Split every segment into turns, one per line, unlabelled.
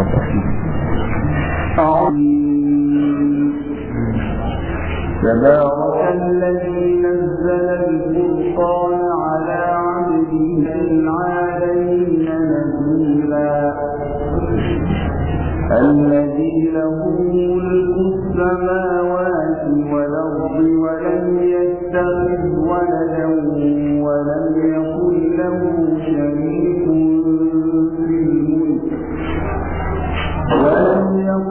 اتفضل تبارك الذي نزل الفرقان على عبده العالمين نزيلا الذي له ملك السماوات والارض ولم يتخذ ولدا ولم يكن له شريك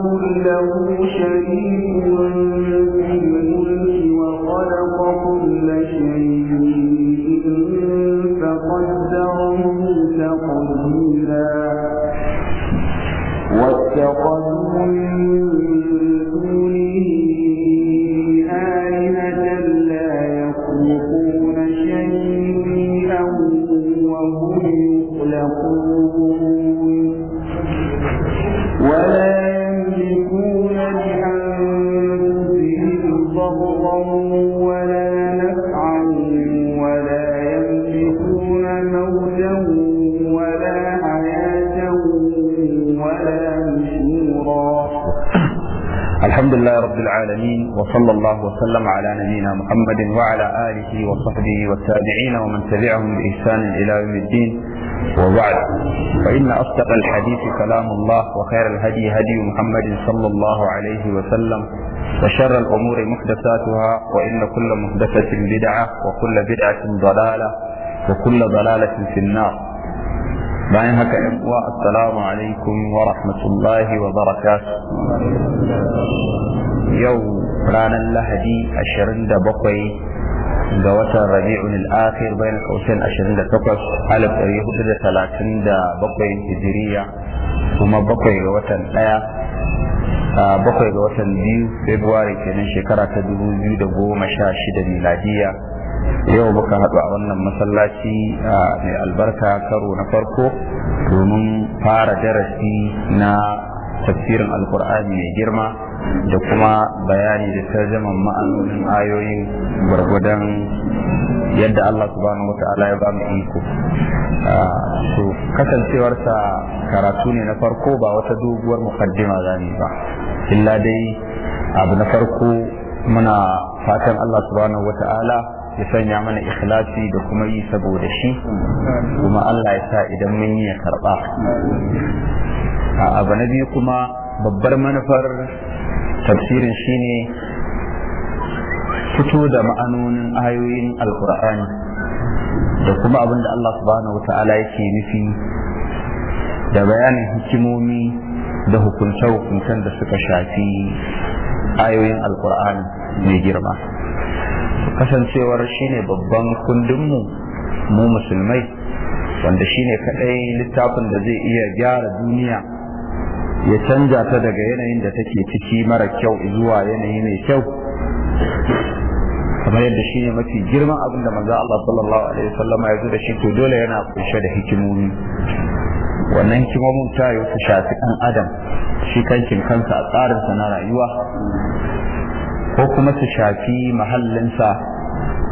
له شريك
رب العالمين وصلى الله وسلم على نبينا محمد وعلى آله وصحبه والتابعين ومن تبعهم بإحسان إلى يوم الدين وبعد فإن أصدق الحديث كلام الله وخير الهدي هدي محمد صلى الله عليه وسلم وشر الأمور محدثاتها وإن كل محدثة بدعة وكل بدعة ضلالة وكل ضلالة في النار bayan haka yan uwa assalamu alaikum wa rahmatullahi wa barakatuh yau ranar lahadi 27 ga watan rabi'un al-akhir bayan kausin 28 alif 437 hijiriya kuma bakwai ga watan daya bakwai ga watan biyu february kenan shekara ta 2016 miladiya yau muka haɗu a wannan masallaci mai albarka karo na farko domin fara darasi na tafsirin alkur'ani mai girma da kuma bayani da tarjaman ma'anonin ayoyin gwargwadon yadda Allah subhanahu wa ta'ala ya ba mu iko to kasancewarsa karatu ne na farko ba wata doguwar mukaddima zani ba illa dai abu na farko muna fatan Allah subhanahu wa ta'ala ya sanya mana ikhlasi da kuma yi saboda shi kuma Allah ya sa idan mun yi ya karba a abu na biyu kuma babbar manufar tafsirin shine fito da ma'anonin ayoyin alkur'ani da kuma abin da Allah subhanahu wa ta'ala yake nufi da bayanin hikimomi da hukunce-hukuncen da suka shafi ayoyin alkur'ani mai girma kasancewar shine babban kundinmu mu musulmai wanda shine kadai littafin da zai iya gyara duniya ya canja ta daga yanayin da take ciki mara kyau zuwa yanayi mai kyau kamar yadda shi ne mafi girman abin da manzo Allah sallallahu alaihi wasallama ya zo shi to dole yana kunshe da hikimomi wannan hikimomin ta yi su shafi dan adam shi kankin kansa a tsarin sa na rayuwa ko kuma su shafi mahallinsa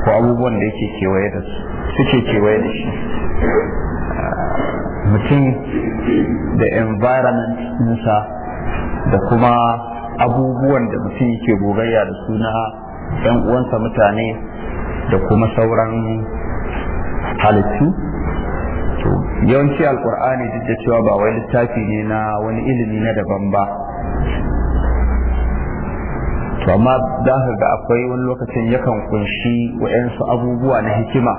ko abubuwan da yake kewaye da suke kewaye da shi ah, mutum da environment ɗinsa da kuma abubuwan da mutum yake gogayya da suna ‘yan uwansa mutane da kuma sauran halittu yawanci alkur'ani duk da cewa ba wai littafi ne na wani ilimi na daban ba to amma za ka ga akwai wani lokacin yakan kunshi wa'yansu abubuwa na hikima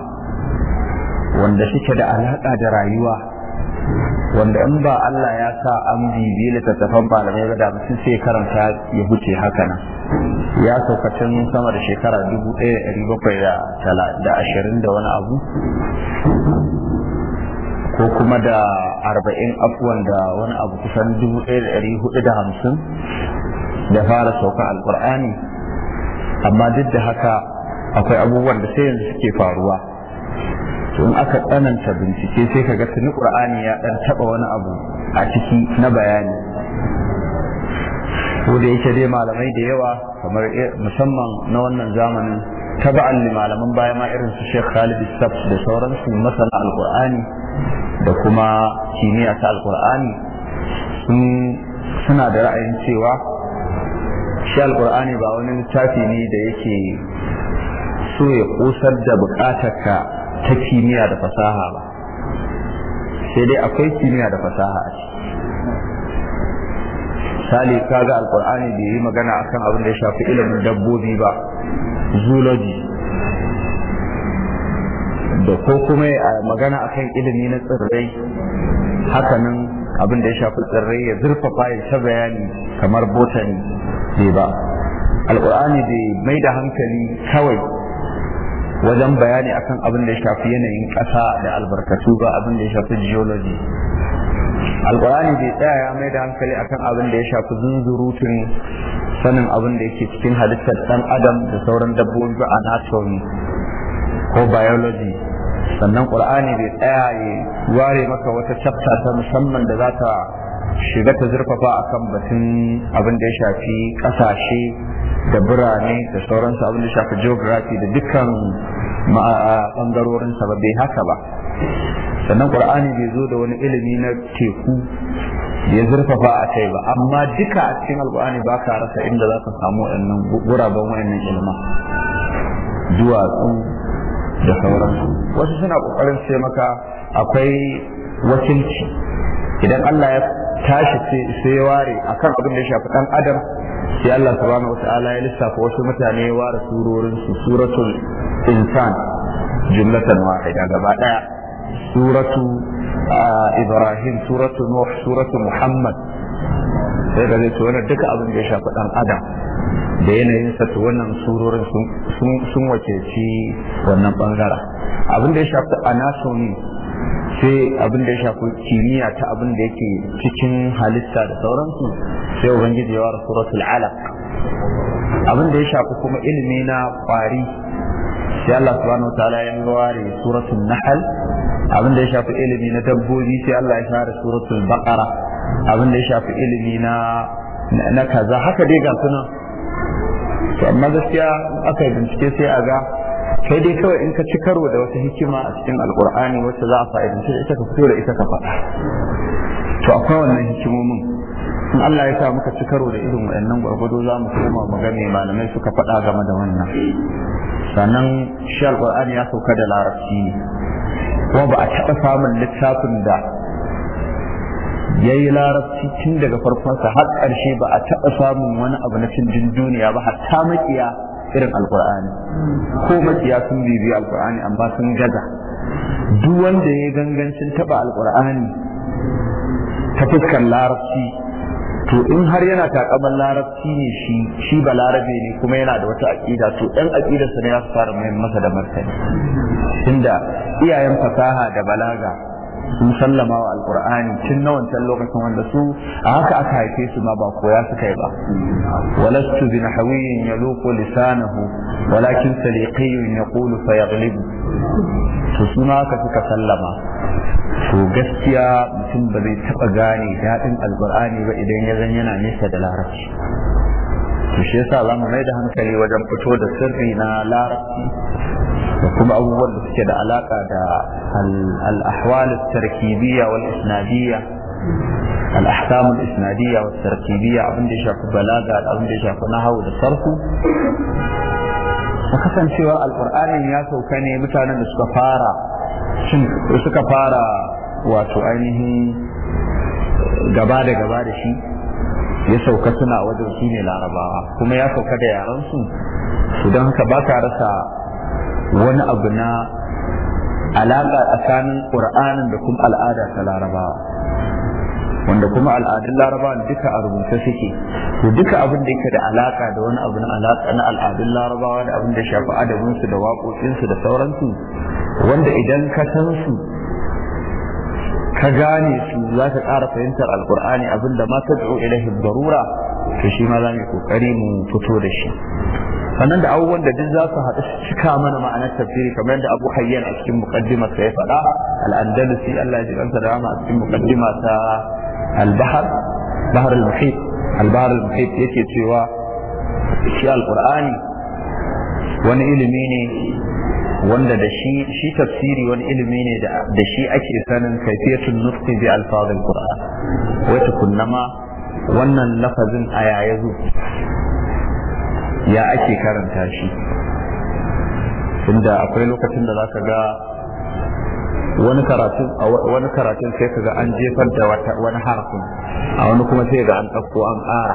wanda suke da alaƙa da rayuwa wanda in ba Allah ya sa an bibi littattafan malamai ba da mutum sai karanta ya huce haka nan ya saukacin sama da shekara dubu ɗaya da ɗari bakwai da ashirin da wani abu ko kuma da arba'in afuwan da wani abu kusan dubu ɗaya da ɗari hudu da hamsin da fara sauka alkur'ani amma duk da haka akwai abubuwan da sai yanzu suke faruwa to in aka tsananta bincike sai kaga tuni qur'ani ya dan taba wani abu a ciki na bayani ko da yake dai malamai da yawa kamar eh, musamman na wannan zamanin taba'an li malaman baya ma irin su Sheikh Khalid Sabs da sauransu masana alqur'ani da kuma kimiyya ta alqur'ani sun suna da ra'ayin cewa shi alkur'ani ba wani littafi ne da yake so ya kusar da ka ta kimiyya da fasaha ba sai dai akwai kimiyya da fasaha a sali ka ga alkur'ani bai yi magana akan abin da ya shafi ilimin dabbobi ba zoology da ko kuma magana akan ilimi na tsirrai hakanan abin da ya shafi tsirrai ya zurfafa ya ta bayani kamar botani. Alƙur'ani ba bai mai da hankali kawai wajen bayani akan abin da ya shafi yanayin ƙasa da albarkatu ba abin da ya shafi geology alkur'ani bai tsaya ya mai da hankali akan abin da ya shafi zunzurutun sanin abin da yake cikin halittar ɗan adam da sauran dabbobi anatomy ko biology sannan ƙur'ani bai tsaya ya ware maka wata chapter ta musamman da za ta shiga ta zurfafa a kan batun abin da ya shafi kasashe da birane da sauransu abin da ya shafi geography da dukkan bangarorin sa bai haka ba sannan qur'ani bai zo da wani ilimi na teku ya zurfafa a kai ba amma duka a cikin alqur'ani ba ka rasa inda za ka samu wannan guraben wayannan ilma duwatsu da sauransu wasu suna kokarin sai maka akwai wakilci idan Allah ya tashi sai ya ware akan abin da ya shafi dan adam sai Allah subhanahu wata'ala ya lissafa wasu mutane ya ware surorin su suratul insan jumlatan wahida gaba daya suratu ibrahim suratu nuh suratu muhammad sai da zai wannan duka abin da ya shafi dan adam da yanayin sa to wannan surorin sun wakilci wannan bangaren abin da ya shafi anatomy sai abin da ya shafi kimiyya ta abin da yake cikin halitta da sauransu sai ubangiji ya wara suratul alaq abin da ya shafi kuma ilimi na kwari sai Allah subhanahu ta'ala ya ware suratul nahl abin da ya shafi ilimi na dabbobi sai Allah ya share suratul baqara abin da ya shafi ilimi na na kaza haka dai ga suna to amma gaskiya aka bincike sai a ga sai dai kawai in ka ci karo da wata hikima a cikin alkur'ani wacce za a fa'idance ita ka fito da ita ka faɗa to akwai wannan hikimomin in Allah ya sa muka ci karo da irin waɗannan gwargwado za mu koma mu gane malamai suka faɗa game da wannan sannan shi alkur'ani ya sauka da larabci ne kuma ba a taɓa samun littafin da ya yi larabci tun daga farkonsa har ƙarshe ba a taɓa samun wani abu na cin duniya ba hatta maƙiya irin alkur'ani ko makiya sun bibiya alkur'ani amma sun gaza duk wanda ya gangancin taba alkur'ani ta fuskar larabci to in har yana takaman larabci ne shi shi ba larabe ne kuma yana da wata aƙida to ɗan aƙidarsa ne ya fara mai masa da martani tunda iyayen fasaha da balaga sun sallama wa alkur'ani tun na wancan lokacin wanda su a haka aka haife su ma ba koya su kai ba walastu bi ya yaluqu lisanahu walakin sadiqiyyun yaqulu fayaghlibu to suna ma suka sallama to gaskiya mutum ba zai taba gane daɗin alkur'ani ba idan ya zan yana nesa da larabci to shi yasa za mu mai da hankali wajen fito da sirri na larabci da kuma abubuwan da suke da alaka da al-ahwal tarkibiyya wal isnadiyya al-ahkam al-isnadiyya wal tarkibiyya abin da ya shafi balaga abin da ya shafi nahwu da sarfu kasancewar alkur'anin ya sauka ne mutanen da suka fara suka fara wato ainihin gaba da gaba da shi ya sauka suna wajen su ne larabawa kuma ya sauka da yaransu su don haka ba ka rasa wani abu na alaƙa tsakanin ƙur'anin da kuma al'ada ta larabawa wanda kuma al'adun larabawa duka a rubuce suke to duka abin da yake da alaƙa da wani abu na alaƙa na al'adun larabawa da abin da shafi adabinsu da waƙoƙinsu da sauransu wanda idan ka san su ka gane su za ka ƙara fahimtar alƙur'ani abin da ma ta tso ilahin darura to shi ma za mu yi ƙoƙari mu fito da shi sannan da abubuwan da duk za su haɗu cika mana ma'anar tafsiri kamar yadda Abu Hayyan a cikin muqaddimar ta ya faɗa al Allah ji kansa da a cikin muqaddima ta albahar Bahr al-Muhit al al-Muhit yake cewa shi al-Qur'ani wani ilimi ne wanda da shi shi tafsiri wani ilimi ne da shi ake sanin kaifiyatul nutqi bi alfazil qur'an wata kunnama wannan lafazin aya yaya ya ake karanta shi inda akwai lokacin da za ka ga wani karatun wani karatun sai kaga an jefar da wani harafin a wani kuma sai ga an ɗauko an ƙara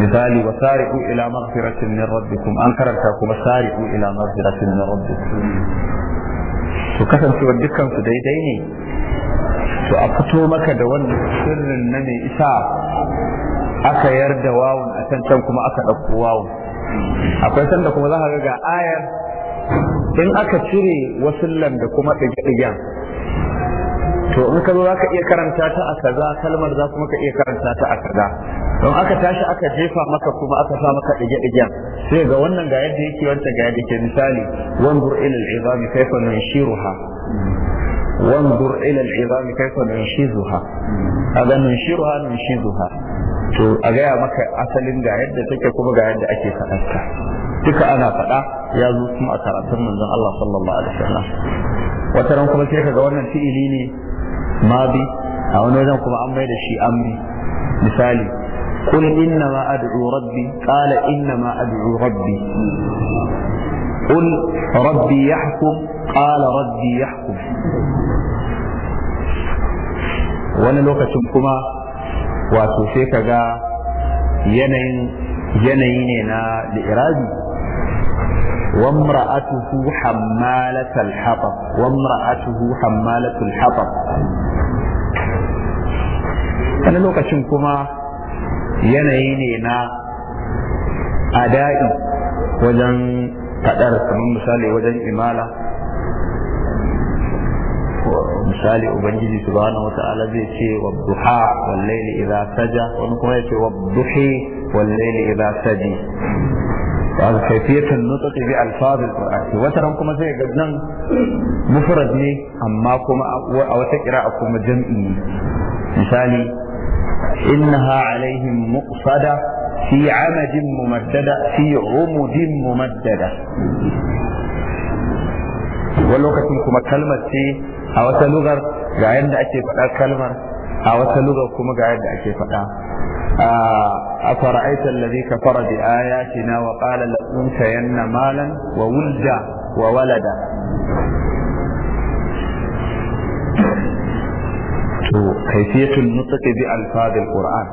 misali wa sari'u ila maghfiratin min rabbikum an karanta kuma sari'u ila maghfiratin min rabbikum to kasancewar dukkan su daidai ne to a fito maka da wannan sirrin na mai isa aka yarda wawun a can can kuma aka ɗauko wawun akwai sanda kuma za ka ga ayar in aka cire wasu da kuma ɗige-ɗigen to in ka zo za ka iya karanta ta a kaza kalmar za kuma ka iya karanta ta a kaza don aka tashi aka jefa maka kuma aka sa maka ɗige-ɗigen sai ga wannan ga yadda yake wancan ga yadda yake misali wanzur ila al'izami kaifa nunshiruha wanzur ila al'izami kaifa nunshizuha kaga nunshiruha nunshizuha to a gaya maka asalin ga yadda take kuma ga yadda ake faɗarta duka ana faɗa ya zo kuma a karatun manzon Allah sallallahu alaihi wasallam wata ran kuma sai kaga wannan fi'ili ne mabi a wani wajen kuma an mai da shi amri misali قل إنما أدعو ربي قال إنما أدعو rabbi قل ربي يحكم قال ربي يحكم wani lokacin kuma wato sai ka ga yanayin yanayi ne na li'irabi وامرأته حمالة الحطب وامرأته حمالة الحطب wani lokacin kuma yanayi ne na ada'i wajen kadar kamar misali wajen imala misali ubangiji subhanahu wata'ala zai ce wa duha wal layli idza saja wani kuma yace wa duhi wal layli idza saji wal kayfiyatun nutq bi alfaz alquran wataran kuma sai ga nan mufrad ne amma kuma a wata qira'a kuma jam'i misali innaha alaihim muqsada fi amadin mumaddada fi umudin mumaddada wani lokacin kuma kalmar ce a wata lugar ga yadda ake faɗa kalmar a wata lugar kuma ga yadda ake faɗa a fara'aita allazi kafara bi ayatina wa qala la untayanna malan wa wulda wa walada to kayfiyatul nutq bi alfazil qur'an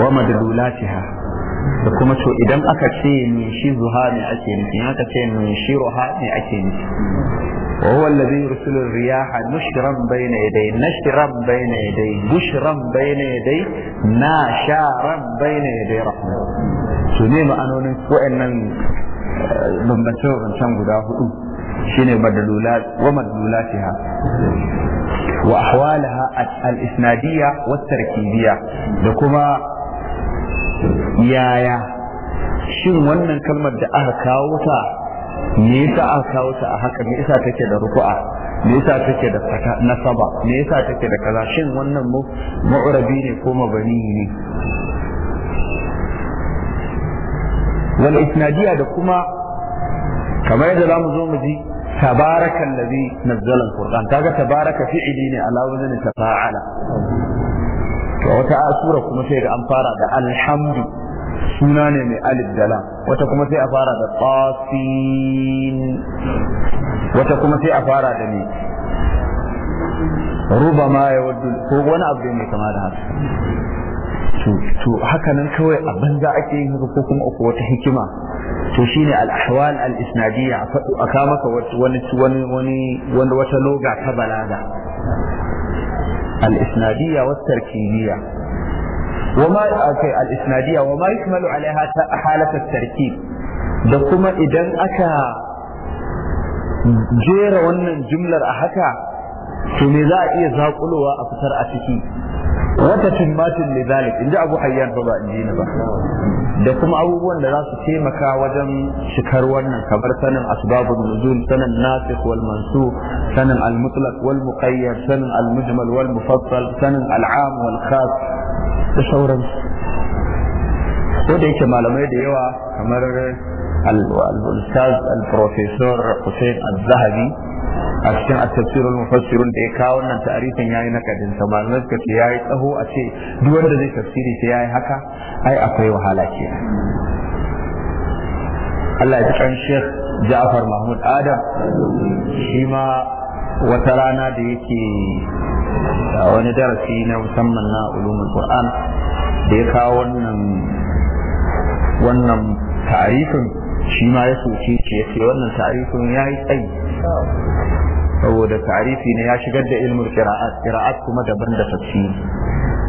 wa madlulatiha da kuma to idan aka ce me shi zuha ne ake nufi aka ce me shi ruha ne ake nufi وهو الذي يرسل الرياح بشرا بين يديه نشرا بين يديه بشرا بين يديه ناشارا بين يديه رحمه سنيم أنون وإن بمبتو غنشان قدا هدو شيني مدلولات ومدلولاتها وأحوالها الإسنادية والتركيبية لكما يايا شين ونن كلمة دعاها كاوتا me yasa a kawo ta a haka me yasa take da ruku'a me yasa take da fata nasaba me yasa take da kaza shin wannan mu'rabi ne ko mabani ne wal isnadiya da kuma kamar yadda zamu zo mu ji tabaraka allazi nazzala alquran kaga tabaraka fi'ili ne ala ta tafa'ala to wata asura kuma sai ga an fara da alhamdu suna ne mai alif da lam wata kuma sai a fara da qasin wata kuma sai a fara da ne ma ya waddu ko wani abu ne kama da haka to haka nan kawai a banza ake yin haka ko kuma ko wata hikima to shine al-ahwal al-isnadiyya a ka wani wanda wata loga ta balaga al-isnadiyya wa tarkibiyya وما أوكي الإسنادية وما يشمل a حالة التركيب da kuma idan aka jera wannan jumlar a haka to za'a za a iya zaƙulowa a fitar a ciki wata timmatin da zalik in ji abu hayyar ba in ji ba da kuma abubuwan da za su taimaka wajen shikar wannan kamar sanin asbabun nuzul sanin nasikh wal mansukh sanin al mutlaq wal muqayyad sanin al mujmal wal mufassal sanin al am wal khas da sauransu ko da yake malamai da yawa kamar al-ustaz al-professor Hussein al-Zahabi a cikin at-tafsirul mufassirun da ya kawo wannan ta'arifin yayi na kadin ta malamai suka ce yayi tsaho a ce duk wanda zai tafsiri sai yayi haka ai akwai wahala ke Allah ya ji kan Sheikh Ja'far Mahmud Adam shi ma wata rana da yake wani darasi na musamman na ulumul qur'an da ya kawo wannan wannan tarifin shi ma ya soke shi ya ce wannan tarifin ya yi tsayi saboda tarifi ne ya shigar da ilmul qira'at qira'at kuma daban da tafsiri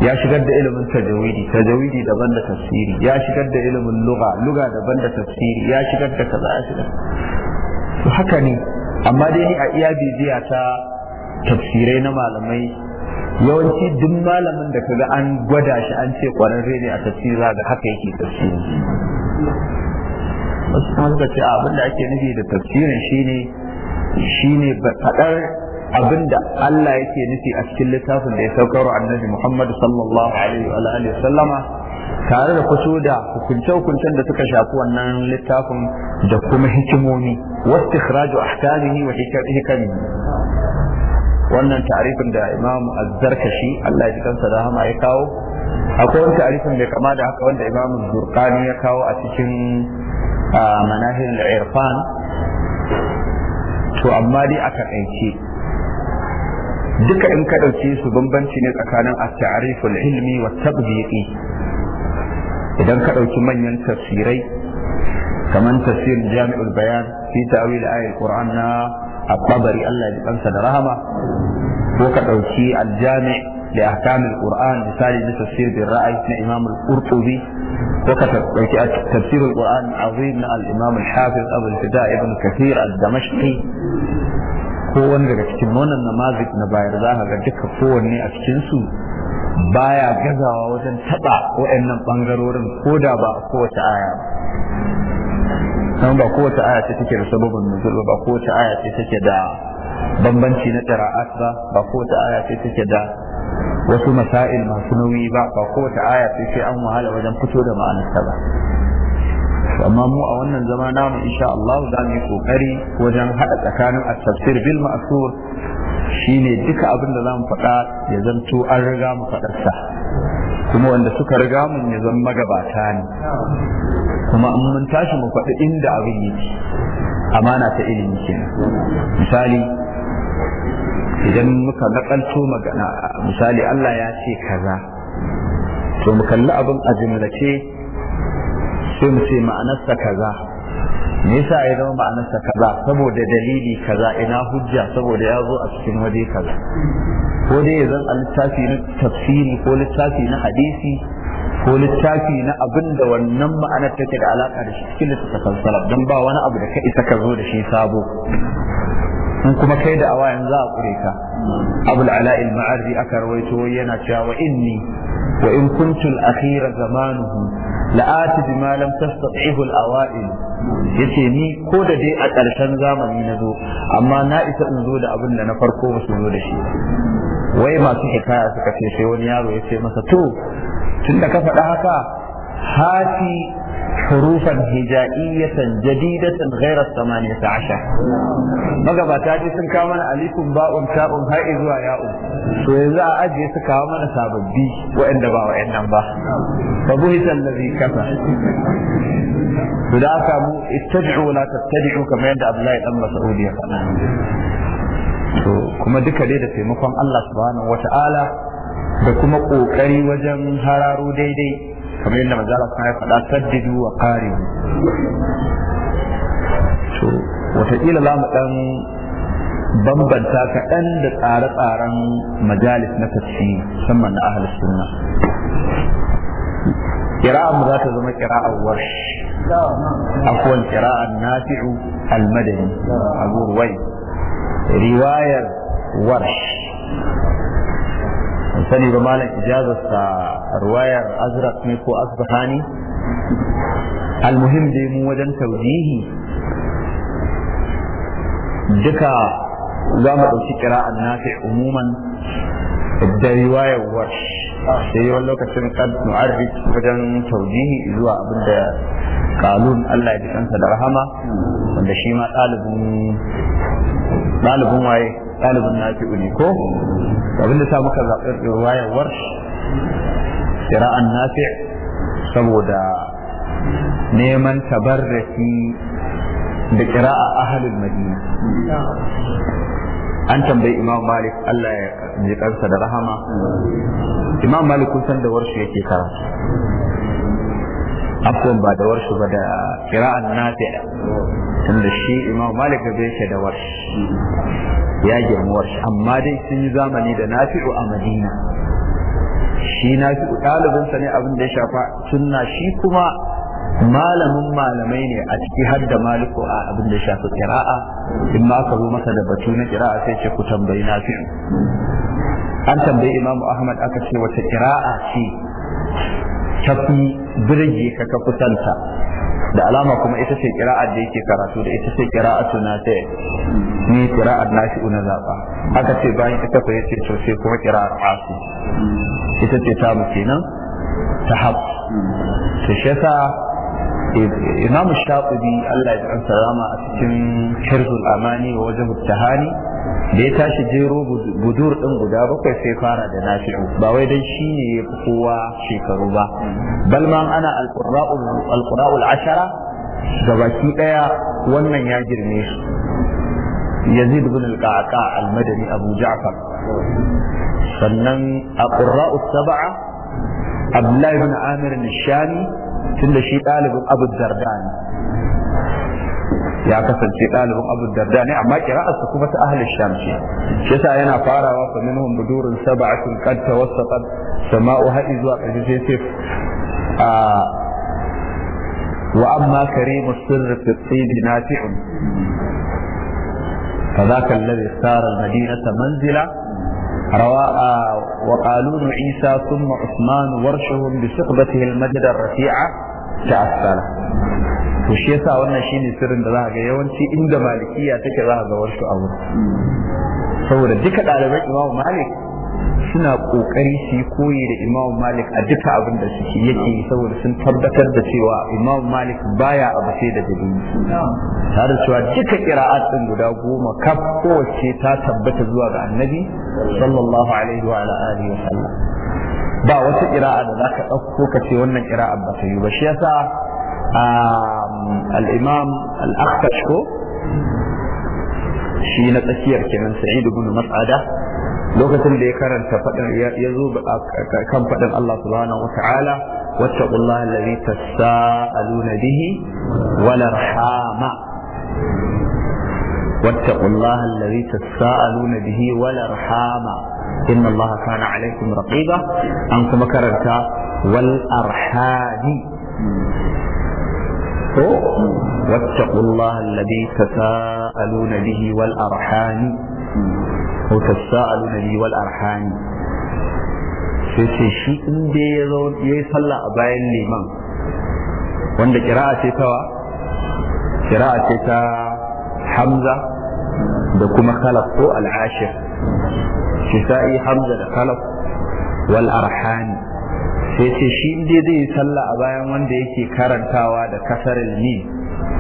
ya shigar da ilimin tajawidi tajawidi daban da tafsiri ya shigar da ilimin lugha lugha daban da tafsiri ya shigar da kaza haka ne amma dai ni a iya bibiya ta tafsirai na malamai yawanci duk malamin da kaga an gwada shi an ce kwararre ne a tafsiri za ga haka yake tafsiri wasu kuma suka ce abin da ake nufi da tafsirin shi ne faɗar abin da Allah yake nufi a cikin littafin da ya saukar annabi Muhammad sallallahu alaihi wa alihi sallama tare da fito da hukunce-hukuncen da suka shafi wannan littafin da kuma hikimomi wasu ikhraju ahkamihi wa hikamihi wannan tarifin da imam azzarkashi Allah ya ji kansa da hama ya kawo akwai wani tarifin da kama da haka wanda imam zurkani ya kawo a cikin manahil irfan to amma dai aka ɗauke duka in ka ɗauke su bambanci ne tsakanin at-ta'riful ilmi wa tabdiqi idan ka ɗauki manyan tafsirai kamar tafsir jami'ul bayan fi ta'wil ayat qur'an na at-tabari Allah ya kansa da rahama ko ka ɗauki al-jami' li ahkam quran misali da tafsir bil ra'ay na imam al-qurtubi ko ka ɗauki tafsir al-qur'an azim na al-imam al-hafiz abu al-fida ibn kathir al-damashqi ko wani daga cikin wannan namazik na bayar za ka ga duka kowanne a cikin su baya gazawa wajen taɓa waɗannan ɓangarorin ko da ba kowace aya ba ba kowace aya ce take da sababin nuzul ba kowace aya ce take da bambanci na qira'at ba ba kowace aya ce take da wasu masail masu nauyi ba ba kowace aya ce sai an wahala wajen fito da ma'anarta ba amma mu a wannan zama namu insha Allah za mu yi ƙoƙari wajen haɗa tsakanin at-tafsir bil ma'sur Shi ne duka abin da za mu faɗa ya zanto an riga mu faɗarsa kuma wanda suka riga mun ya zama magabata ne kuma an mun tashi mu faɗi inda abin yake amana ta ilimi kenan misali idan muka nakalto magana misali Allah ya ce kaza to mu kalli abin a jimlace sai mu ce ma'anarsa kaza nisa ya zama ma'anarsa kaza saboda dalili kaza ina hujja saboda ya zo a cikin waje kaza ko dai zan a littafi na tafsiri ko littafi na hadisi ko littafi na abin da wannan ma'anar take da alaka da shi cikin littattafan salaf don ba wani abu da ka isa ka zo da shi sabo in kuma kai da awa yanzu a kure ka abul ala'i ma'arri aka rawaito yana cewa wa inni wa in kuntul akhira zamanuhu la'ati bima lam tastati'hu al-awa'il yace ni ko da dai a ƙarshen zamani na zo amma na isa in zo da abin da na farko musu zo da shi wai masu hikaya suka ce sai wani yaro ya ce masa to tun da ka faɗa haka hati حروفا هجائية جديدة غير ta asha magabata ji sun kawo mana alifun ba'un ta'un har zuwa ya'un to yanzu a ajiye su kawo mana sababbi wa'anda ba wa'annan ba fa buhita allazi kafa to da aka mu ittabi'u la tattabi'u kamar yadda Abdullahi dan Mas'ud ya faɗa to kuma duka dai da taimakon Allah subhanahu wata'ala da kuma kokari wajen hararo daidai kamar yadda manzo Allah ya faɗa saddidu wa qaribu to wataƙila za mu ɗan bambanta kaɗan da tsare-tsaren majalis na tafsiri musamman na ahalus sunna kira'a mu za ta zama kira'a warsh akwai kira'an nafi'u almadani abu ruwai riwayar warsh sani ba malam ijazarsa ruwayar azraq ne ko asbahani almuhim dai mu wajen taujihi duka za mu ɗauki kira'an nafi umuman da riwayar warsh sai yawan lokacin kan mu'arrif wajen taujihi zuwa abin da kalun Allah ya kansa da rahama wanda shi ma ɗalibin waye ɗalibin nafi'u ne ko abin da sa muka zaɓi wayewar shira'an nafi' saboda neman tabarraki da kira'a ahalin madina an tambayi imam malik allah ya ji kansa da rahama imam malik kun san da warshi yake karatu afwan ba da warshi ba da kira'an nafi'a tunda shi imam malik da bai da warshi ya girma warshi amma dai sun yi zamani da nafi'u a madina shi nafi'u ɗalibinsa ne abin da ya shafa sunna shi kuma malamin malamai ne a ciki har da maliku a abin da shafi kira'a in ma aka zo masa da batu na kira'a sai ce ku tambayi na fi an tambayi imamu ahmad aka ce wata kira'a ce ta fi birge ka ka kusanta da alama kuma ita ce kira'a da yake karatu da ita ce kira'atu na ta ni na fi una zaɓa. aka ce bayan ita ko yace to sai kuma kira'ar asu ita ce ta mu kenan ta hab to shi Imamu shafi Allah ya tsan salama a cikin shirzul amani wa wajen tahani da ya tashi jero budur din guda bakwai sai fara da nafi'u ba wai dan shi ne ya fi kowa shekaru ba bal ma ana alqura'ul ashara ga baki wannan ya girme shi yazid bin al almadani abu ja'far sannan a qurra'us amir nishani shami tunda shi ɗalibin abu darda ne ya kasance ɗalibin abu darda ne amma kira'arsa kuma ta ahalin sham ce shi yasa yana farawa fa minhum budurun sab'atun qad tawassaqat sama'u ha'i zuwa ƙarshe sai ce a wa amma karimu sirri fi tsibi nafi'un فذاك الذي اختار المدينة منزلا رواء وقالون عيسى ثم عثمان ورشهم بصحبته المجد الرفيعة تعسل وشي يسا وانا شيني سرن da zaka ga yawanci inda malikiya take zaka ga warshu abu saboda duka ɗaliban Imam Malik suna kokari su yi koyi da imam malik a duka abin da suke yake saboda sun tabbatar da cewa imam malik baya abu sai da dalili tare da cewa duka qira'at din guda goma kaf kowace ta tabbata zuwa ga annabi sallallahu alaihi wa alihi wa sallam ba wata qira'a da zaka dauko ka ce wannan qira'a ba ta yi ba shi yasa um, al-imam al-akhtash ko shi na tsakiyar kenan sa'id ibn mas'ada lokacin da ya karanta faɗin ya zo kan faɗin Allah subhanahu wa ta'ala wacce wattaqullaha allazi tasaaluna bihi wal arhama wattaqullaha allazi tasaaluna bihi wal arhama inna allaha kana alaykum raqiba an kuma karanta wal arhami ko oh, wattaqullaha allazi tasaaluna bihi wal arhami ko tasa'aluna ni wal arhani sai ce shi in dai ya zo yayi sallah a bayan liman wanda kira'a ce tawa kira'a ce ta hamza da kuma khalaf ko al'ashir ashir shi yi hamza da khalaf wal arhani sai ce shi in dai zai sallah a bayan wanda yake karantawa da kasar ni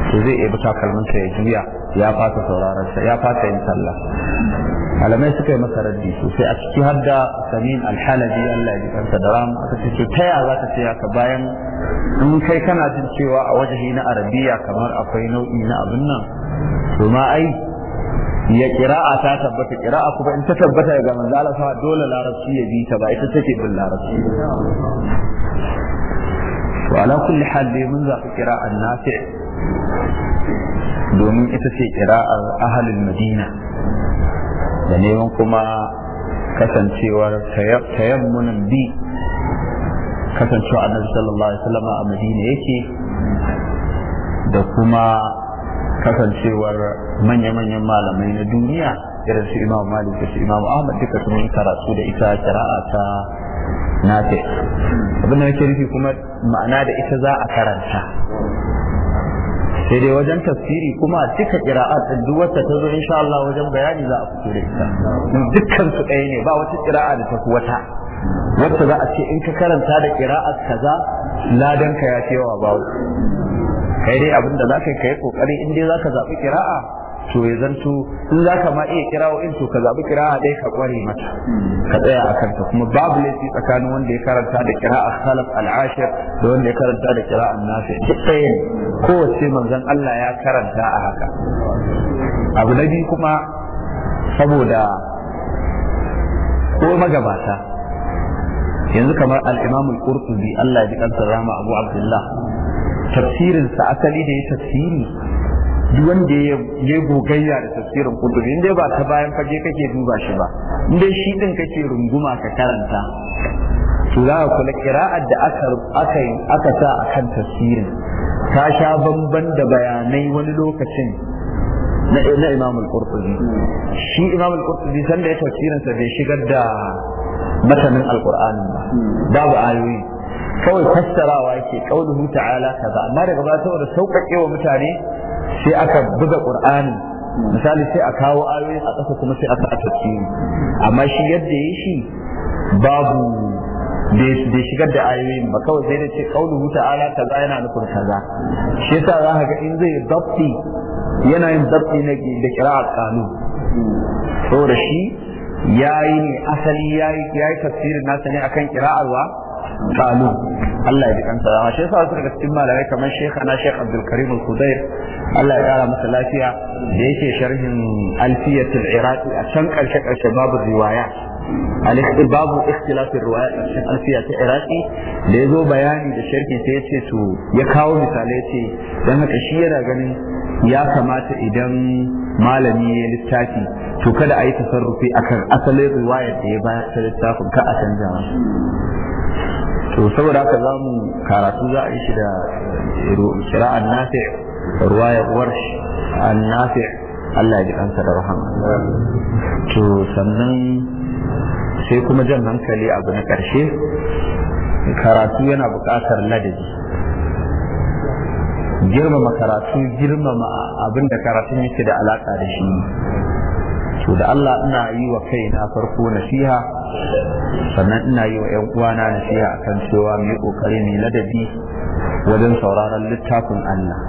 to zai ebi takalminsa ya juya ya fasa sauraron ya fasa yin sallah malamai suka yi masa raddi sosai a ciki har da samin alhalabi Allah ya ji kansa da ram aka ce ta ya za ta tsaya ka bayan in kai kana jin cewa a wajahi na arabiya kamar akwai nau'i na abin nan to ma ai ya kira'a ta tabbata kira'a kuma in ta tabbata ga manzo sa dole larabci ya bi ta ba ita take bin larabci to ala kulli hal dai mun zaɓi kira'an nafi domin ita ce kira'ar ahalin madina da neman kuma kasancewar tayammunin bi kasancewa annabi sallallahu alaihi wasallam a madina yake da kuma kasancewar manya-manyan malamai na duniya irin su imam malik da su imam ahmad duka sun karatu da ita kira'a ta nafi abin da nake nufi kuma ma'ana da ita za a karanta sai dai wajen tafsiri kuma duka qira'at duk wacce ta zo insha Allah wajen bayani za a fito da ita dukkan su ɗaya ne ba wata ƙira'a da tafi wata wacce za a ce in ka karanta da qira'at kaza ladan ka ya cewa ba kai dai abinda zaka kai kokari in dai zaka zaɓi ƙira'a. to ya zanto in za ka ma iya kirawo in to ka zaɓi kira ɗaya ka ƙware mata ka tsaya a kanta kuma babu laifi tsakanin wanda ya karanta da a salaf al'ashir da wanda ya karanta da kira'a nafi duk ɗaya ne kowace manzon Allah ya karanta a haka abu na biyu kuma saboda ko magabata yanzu kamar al-Imam al Allah ya ji kansa rahama Abu Abdullah tafsirinsa asali da ya tafsiri duk wanda ya gogayya da tafsirin kutubi in ba ta bayan fage kake duba shi ba in dai shi din kake runguma ka karanta to za ka kula kira'ar da aka aka sa akan tafsirin ta sha bamban da bayanai wani lokacin na na Imam al-Qurtubi shi Imam al-Qurtubi sanda ya tafsirin sa bai shigar da matanin al-Qur'ani ba babu ayoyi kawai fassarawa yake qauluhu ta'ala kaza amma daga ba saboda sauƙaƙe wa mutane sai aka buga qur'ani misali sai a kawo ayoyin a ƙasa kuma sai a sa tafsiri amma shi yadda yi shi babu bai shigar da ayoyin ba kawai sai da ce qauluhu ta'ala za yana nufin kaza shi yasa za ka ga in zai dabti yana yin dabti na da qira'a qalu saboda shi yayi ne asali yayi yayi tafsirin nasa ne akan qira'arwa kalu Allah ya ji kansa amma shi yasa daga cikin malamai kamar shekha na shekh Abdul Karim Al-Khudair Allah ya kara masa lafiya da yake sharhin alfiyatul iraqi a can karshe karshe babu riwaya babu ikhtilafin riwaya a cikin alfiya da ya zo bayani da sharhi ta yace to ya kawo misalai ce don haka shi yana ganin ya kamata idan malami ya littafi to kada a yi tasarrufi akan asalin riwayar da ya bayar ta littafin ka a canza to saboda haka za mu karatu za a yi shi da shira'an nafi ruwaya uwar an nafi Allah ya ji kansa da rahama to sannan sai kuma jan hankali abu na ƙarshe karatu yana buƙatar ladabi girmama karatu girmama abin da karatun yake da alaƙa da shi to da Allah ina yi wa kai na farko nasiha sannan ina yi wa 'yan uwana nasiha akan cewa mu yi kokari ne ladabi wajen sauraron littafin Allah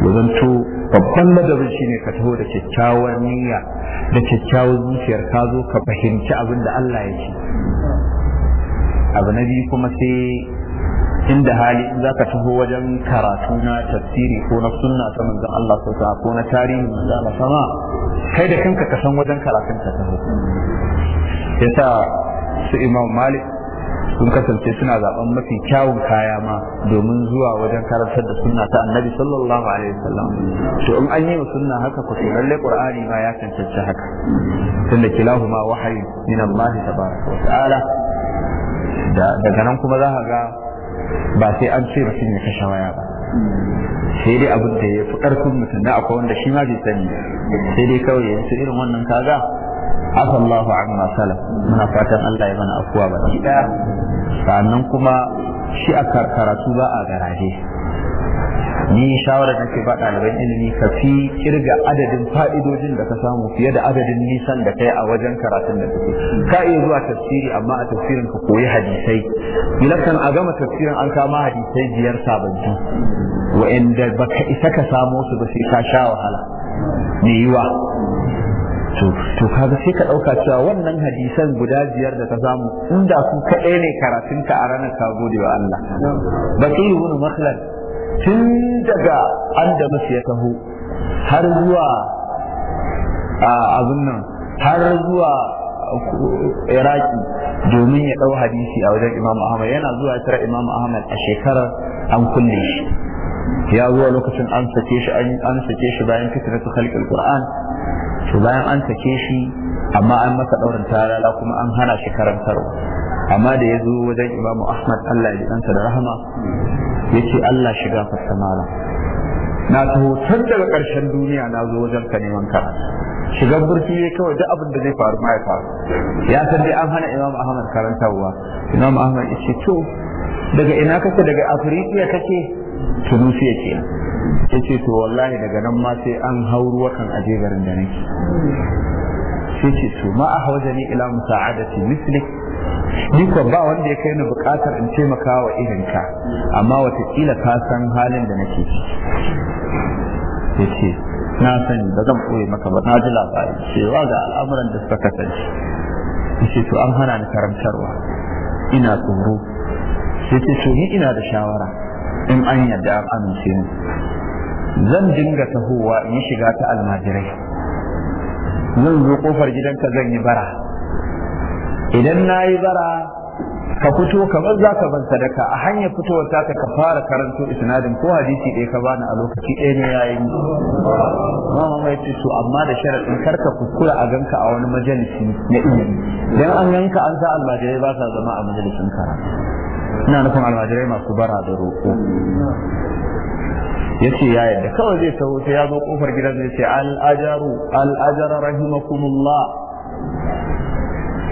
wajen to babban ladabin shine ka taho da kyakkyawar niyya da kyakkyawar zuciyar ka zo ka fahimci abin da Allah ya ce abu na biyu kuma sai In da hali in ka taho wajen karatu na tafsiri ko na sunna ta manzon Allah ko ta ko na tarihi manzon Allah sama kai da kanka ka san wajen karatun ka taho yasa su Imam Malik sun kasance suna zaben mafi kyawun kaya ma domin zuwa wajen karantar da sunna ta Annabi sallallahu alaihi wasallam to in an yi wa sunna haka ku to lalle Qur'ani ma ya cancanci haka tunda ma wahayi min Allah tabaraka wa ta'ala daga nan kuma za ka ga ba sai an ce mutum ya kashe waya ba sai dai abin da ya fi ƙarfin mutum na akwai wanda shi ma bai sani sai dai kawai ya irin wannan kaga afallahu amma salaf muna fatan Allah ya mana afuwa ba shi daya sannan kuma shi a karatu ba a garaje ni shawara da ke ba ɗaliban ilimi ka fi kirga adadin fa'idojin da ka samu fiye da adadin nisan da kai a wajen karatun da kake ka iya zuwa tafsiri amma a tafsirin ka koyi hadisai ilakan a gama tafsirin an kama hadisai biyar sababbi wa'anda baka isa ka samo su ba sai ka sha wahala me yiwa to kaga sai ka ɗauka cewa wannan hadisan guda biyar da ka samu inda su kaɗai ne karatunka a ranar ka gode wa Allah ba sai yi wani tun daga an da musu ya taho har zuwa a abin nan har zuwa uh, iraki domin ya ɗau hadisi a wajen imam ahmad yana zuwa tara imam ahmad a shekarar an kulle shi ya zuwa lokacin an sake shi an sake shi bayan su halkar qur'an to bayan an sake shi amma an masa ɗaurin tarala kuma an hana shi karantarwa amma da ya zo wajen imamu ahmad allah ya ɗansa da rahama ya ce allah shiga fasta malam na taho tun daga ƙarshen duniya na zo wajen ka neman karatu shigar burki ne kawai duk abin da zai faru ma ya faru ya san dai an hana imam ahmad karantarwa imam ahmad ya ce to daga ina kake daga afirka kake tunusiya ke ya ce to wallahi daga nan ma sai an hau ruwa kan aje garin da nake sai ce to ma a hawajani ila musa'adati mislik ni ko ba wanda ya kai ni bukatar in taimaka wa irin ka amma watakila ka san halin da nake yace na sani ba zan koyi maka ba na ji labari cewa ga al'amuran da suka kasance yace to an hana ni karantarwa ina tsoro yace to ni ina da shawara in an yarda an amince ni zan dinga tahowa in shiga ta almajirai zan zo kofar gidanka zan yi bara idan na yi bara ka fito kamar za ka ban sadaka a hanyar fitowar ta ka fara karanto isnadin ko hadisi ɗaya ka bani a lokaci ɗaya ne ya yi mama mai ce amma da sharaɗin kar ka kuskura a ganka a wani majalisi na ilimi idan an yanka an sa almajirai ba sa zama a majalisin ka ina nufin almajirai masu bara da roƙo ya ce ya yadda kawai zai taho sai ya zo kofar gidan zai ce al'ajaru al'ajara rahimakumullah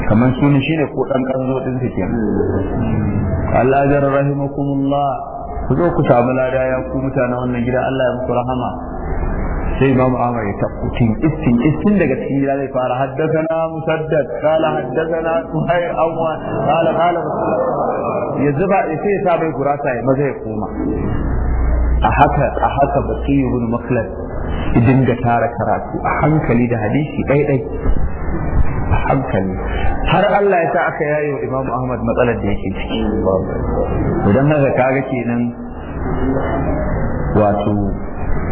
kamar sunan ne ko dan kanzo din su kenan Allah ya rahimakumullah ku zo ku samu lada ya ku mutanen wannan gida Allah ya muku rahama sai imamu amr ta kutin istin istin daga cikin gida zai fara haddathana musaddad qala haddathana suhayr awwa kala qala ya zuba ya sai ya sa bai gurasa ya maza ya koma a haka a haka baki ibn maklad Idan ga tara karatu a hankali da hadisi ɗai hankali har Allah ya sa aka yaye wa Imam Ahmad matsalar da yake ciki idan haka kaga kenan wato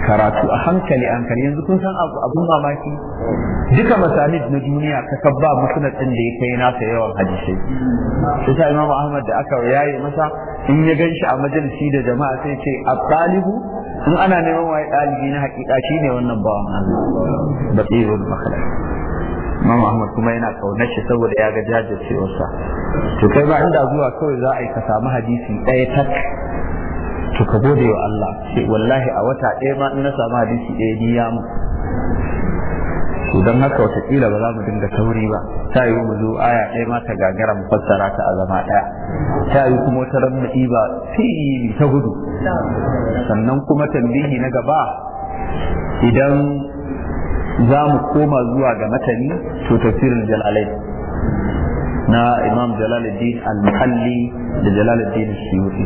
karatu a hankali hankali yanzu kun san abun mamaki duka masalid na duniya ka kabba musnad din da yake nasa yawan hadisai sai ta Imam Ahmad da aka yaye masa in ya ganshi a majalisi da jama'a sai ce at in ana neman waye dalibi na hakika shine wannan bawan Allah Imam Ahmad kuma yana kaunar shi saboda ya ga jajircewarsa to kai ba inda zuwa kawai za a yi ka samu hadisi ɗaya tak to ka gode wa Allah sai wallahi a wata ɗaya ma in na samu hadisi ɗaya ni ya mu don haka watakila ba za mu dinga tauri ba ta yi mu zo aya ɗaya ma ta gagara mu fassara ta azama zama ɗaya ta yi kuma wata ran mu fi ta gudu sannan kuma tambihi na gaba idan za mu koma zuwa ga matani to tafsirin jalalai na imam jalaluddin al-muhalli da jalaluddin shiyuti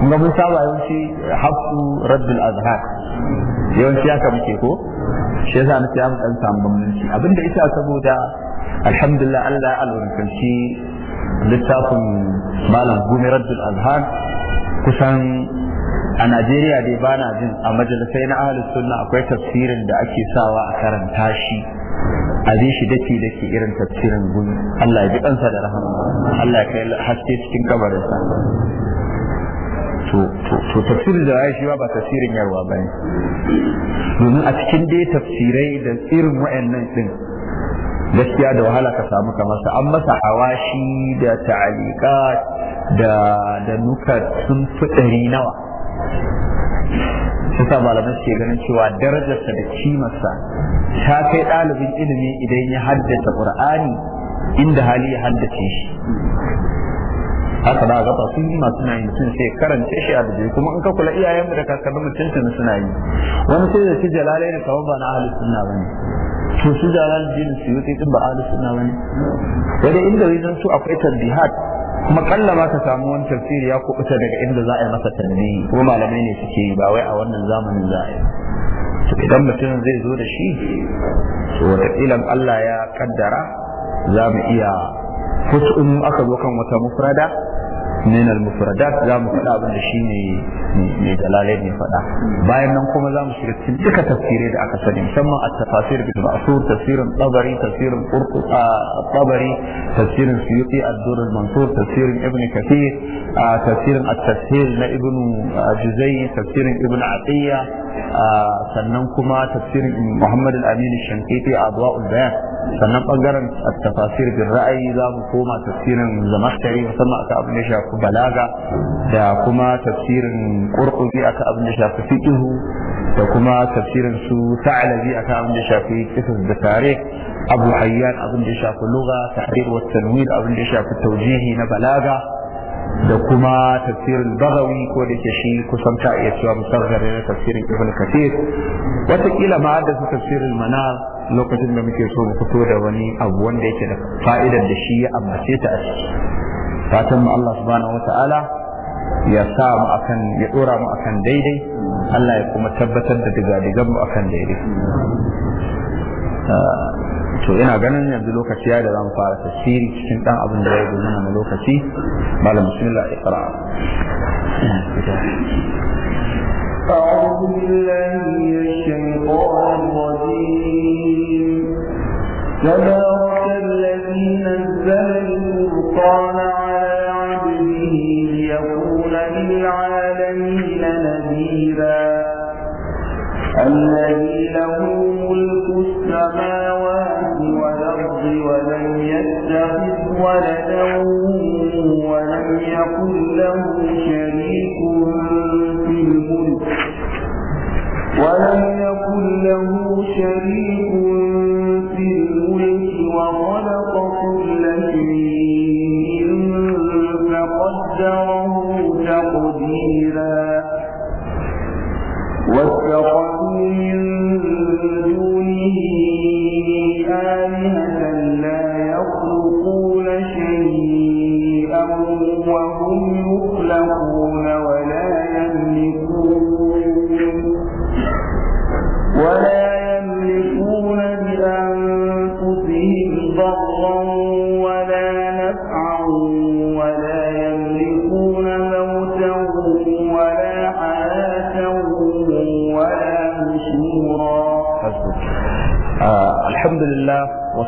kun ga mun saba yawanci hafsu rabbul azhar yawanci haka muke ko shi yasa muke an dan samu bambanci abinda ita saboda alhamdulillah Allah alwarkanci littafin malam gumi rabbul azhar kusan a Najeriya dai ba na jin a majalisai na ahalus sunna akwai tafsirin da ake sawa a karanta shi a zai shi dake dake irin tafsirin guni. Allah ya ji kansa da rahama Allah ya kai haske cikin kabarinsa to to tafsirin da ya shi ba tafsirin yarwa bane domin a cikin dai tafsirai da irin wayannan din gaskiya da wahala ka samu kamar sa an masa hawashi da ta'alika da da nukat sun fi ɗari nawa shi sa malamai ke ganin cewa darajarsa da kimarsa ta kai ɗalibin ilimi idan ya haddace qur'ani inda hali ya haddace shi haka da gaba sun yi masu nayi mutum sai karanta shi a daji kuma in ka kula iyayen da kakannin mutum suna yi wani sai da shi jalalai da kawai ba na ahli sunna bane to su da ran jin su yi din ba ahli sunna bane wanda inda zan su akwai tanbihat kuma kalla ba ta samu wani tafsiri ya ita daga inda za a yi masa tanbihi ko malamai ne suke yi ba wai a wannan zamanin za a yi idan mutum zai zo da shi wata wataƙila Allah ya kaddara za mu iya kusa in aka zo kan wata mufrada من المفردات لا مفرد لشيني ميدلالين فدا باين نان كوما زامو شيغا تين ديكا تفسيري ثم التفاسير بالمعصور تفسير الطبري تفسير القرطبي آه، الطبري تفسير السيوطي الدور المنصور تفسير ابن كثير آه، تفسير التفسير لابن آه، جزي تفسير ابن عطيه sannan kuma tafsirin Muhammad al-Amin al-Shankiti a Adwa'ul Bayan sannan bangaren tafasir bin ra'ayi za mu koma tafsirin Zamakhshari musamman aka abin da shafi balaga da kuma tafsirin Qurtubi aka abin da shafi fiqh da kuma tafsirin su Sa'labi aka abin da shafi qisas da tarikh Abu Hayyan abin da shafi lugha tahrir wa tanwir abin da shafi tawjihi na balaga da kuma tafsirin bagawi ko da ke shi kusan ta iya cewa musarrar na tafsirin ibn kathir wataƙila ma da su tafsirin mana lokacin da muke so mu fito da wani abu wanda yake da fa'idar da shi ya ambace ta a ciki fatan mu Allah subhanahu wata'ala ya sa mu akan ya dora mu akan daidai Allah ya kuma tabbatar da digadigan mu akan daidai to ina ganin yanzu lokaci ya da zamu fara tafsiri cikin dan abin da ya yi mana na lokaci malam bismillah iqra
أعوذ بالله من الشيطان الرجيم تبارك الذي نزل الفرقان على عبده ليكون للعالمين نذيرا الذي له ملك السماوات والأرض ولم يتخذ ولدا ولم يكن له شريك في الملك ولم يكن له شريك في الملك وخلق كل شيء فقدره تقديرا واتخذ من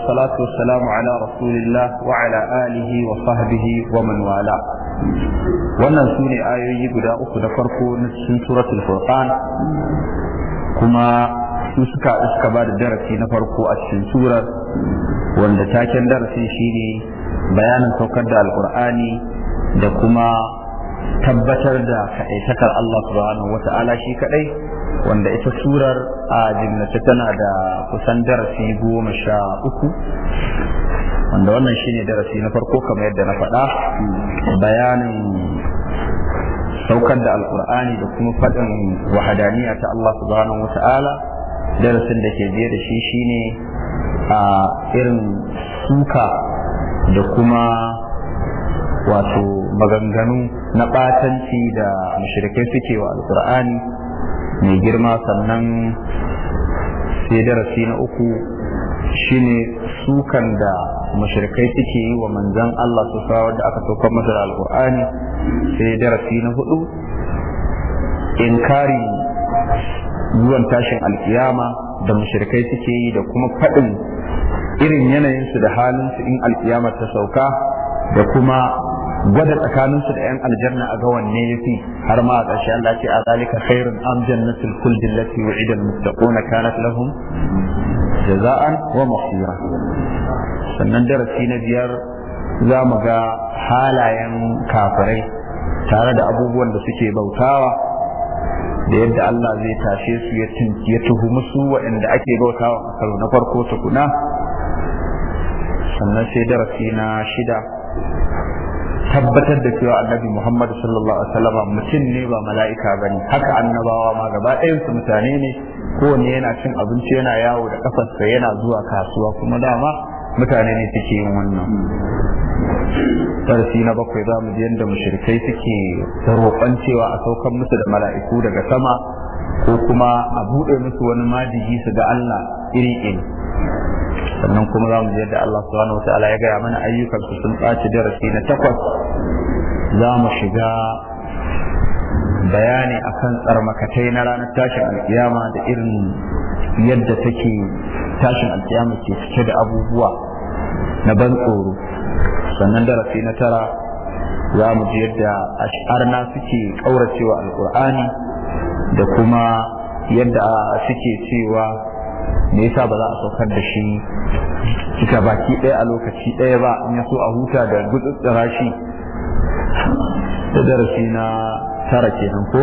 والصلاة والسلام على رسول الله وعلى آله وصحبه ومن والاه wannan su ne ayoyi guda uku da farko na cikin suratul furqan kuma su suka suka ba da darasi na farko a cikin surar wanda taken darasi shine bayanin saukar da alkur'ani da kuma tabbatar da kaɗaitakar Allah subhanahu wa ta'ala shi kaɗai wanda ita surar a jimnace tana da kusan darasi goma sha uku wanda wannan shine darasi na farko kamar yadda na faɗa bayanin saukar da alkur'ani da kuma faɗin wahadaniya ta Allah subhanahu wa ta'ala darasin da ke biye da shi shine a irin suka da kuma wato maganganu na batanci da mushrikai suke wa alkur'ani mai girma sannan sai darasi na uku shine sukan da mushrikai suke yi wa manzan Allah su da aka saukar masa da alkur'ani sai darasi na hudu inkari zuwan tashin alkiyama da mashirikai suke yi da kuma faɗin irin yanayinsu da halinsu in alkiyama ta sauka da kuma gwada tsakaninsu da 'yan aljanna a ga wanne ya fi har ma a ƙarshe Allah ce a zalika khairun am jannatul khuldi allati wu'ida al-muttaquna kanat lahum jaza'an wa mahsira sannan darasi na biyar za mu ga halayen kafirai tare da abubuwan da suke bautawa da yadda Allah zai tashe su ya tuhu musu waɗanda ake bautawa a karo na farko tukuna sannan sai darasi na shida tabbatar da cewa annabi Muhammad sallallahu alaihi wasallam mutum ne ba mala'ika bane haka annabawa ma gaba ɗayan su mutane ne kowanne yana cin abinci yana yawo da kafarsa yana zuwa kasuwa kuma dama mutane ne suke yin wannan Farsi na bakwai zamu mu ji yadda mushrikai suke roƙon cewa a saukan musu da mala'iku daga sama ko kuma a buɗe musu wani majigi su ga Allah iri iri sannan kuma za mu ji yadda Allah subhanahu wataala ya gaya mana ayyukan su sun ɓaci darasi na takwas za mu shiga bayani akan tsarmakatai na ranar tashin alkiyama da irin yadda take tashin alkiyama ke cike da abubuwa na ban tsoro sannan darasi na tara za mu ji yadda na suke ƙauracewa alkur'ani da kuma yadda suke cewa me yasa ba za a saukar da shi cika baki ɗaya a lokaci ɗaya ba in ya so a huta da gutsutsura shi da darasi na tara kenan ko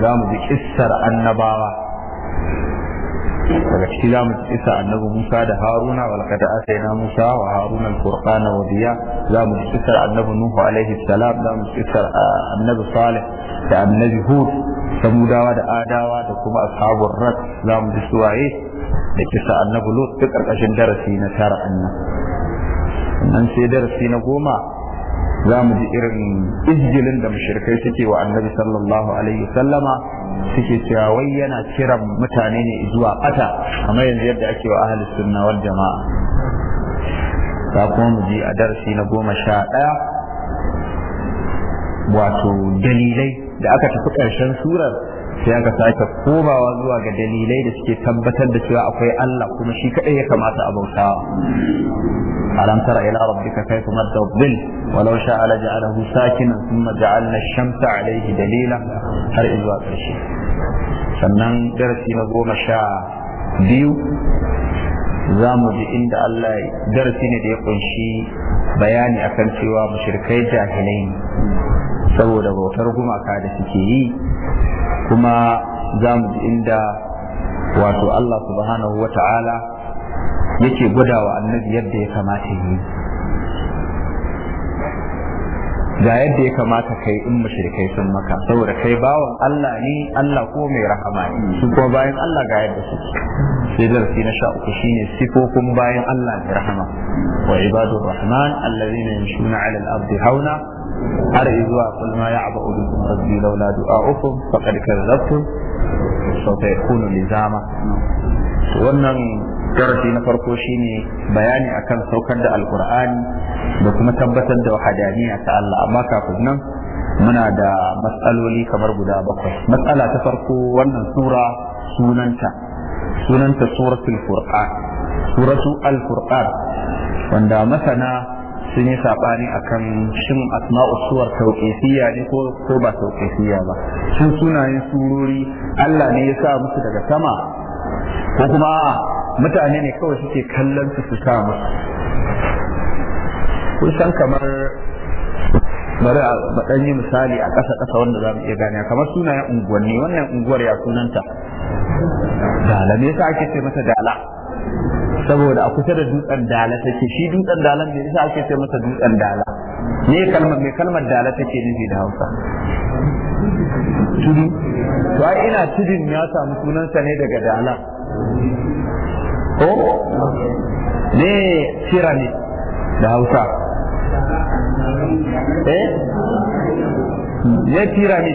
za mu ji kissar annabawa daga ciki za mu ji kissar annabi Musa da Haruna wal qad na Musa wa Haruna al-Furqana wa za mu ji kissar annabi Nuhu alaihi salam za mu ji kissar eh, annabi Salih da annabi Hud samudawa da adawa da kuma ashabun rat za mu ji suwaye da kisa annabi lut duk ƙarƙashin darasi na tara annan nan sai darasi na goma za mu ji irin izgilin da mushrikai suke wa annabi sallallahu alaihi sallama suke cewa wai yana kiran mutane ne zuwa ɓata kamar yanzu yadda ake wa ahli sunna wal jama'a za kuma mu ji a darasi na goma sha ɗaya wato dalilai da aka tafi ƙarshen surar sai aka sake komawa zuwa ga dalilai da suke tabbatar da cewa akwai Allah kuma shi kaɗai ya kamata a bautawa alam tara ila rabbika kayfa madda dhil walau sha'a la ja'alahu sakinan thumma ja'alna ash-shamsa 'alayhi dalila har zuwa ƙarshe sannan darasi na goma sha biyu za mu ji inda Allah darasi ne da ya kunshi bayani akan cewa mushrikai jahilai ne saboda bautar gumaka da suke yi kuma za mu ji inda wato Allah subhanahu wa ta'ala yake gwada wa annabi yadda ya kamata yi ga yadda ya kamata kai in mashirkai sun maka saboda kai bawan Allah ne Allah ko mai rahama ne su kuma bayan Allah ga yadda su sai darasi na sha uku shine sifofin bayan Allah mai rahama wa ibadur rahman allazina yamshuna 'ala al-ardi hauna har zuwa kul ma ya'ba'u sun rabbi laula du'a'ukum faqad kadzabtum sawfa yakunu lizama wannan darasi na farko shine bayani akan saukar da alkur'ani da kuma tabbatar da wahadaniya ta Allah amma kafin nan muna da matsaloli kamar guda bakwai matsala ta farko wannan sura sunanta sunanta suratul furqan suratu al wanda masana sun yi sabani akan shin asma'u suwar tauqifiyya ne ko ko ba tauqifiyya ba shin sunayen sururi Allah ne ya sa musu daga sama ko kuma mutane ne kawai suke kallon su su sa musu kusan kamar bari a ɗan yi misali a ƙasa ƙasa wanda za mu iya gane kamar sunayen unguwanni wannan unguwar ya sunanta dala me yasa ake ce mata dala saboda a kusa da dutsen dala take shi dutsen dalan ne isa ake ce masa dutsen dala me kalmar me kalmar dala take nufi da Hausa tudu to ai ina tudun ya samu sunansa ne daga dala ko ne tirani da Hausa eh ne tirani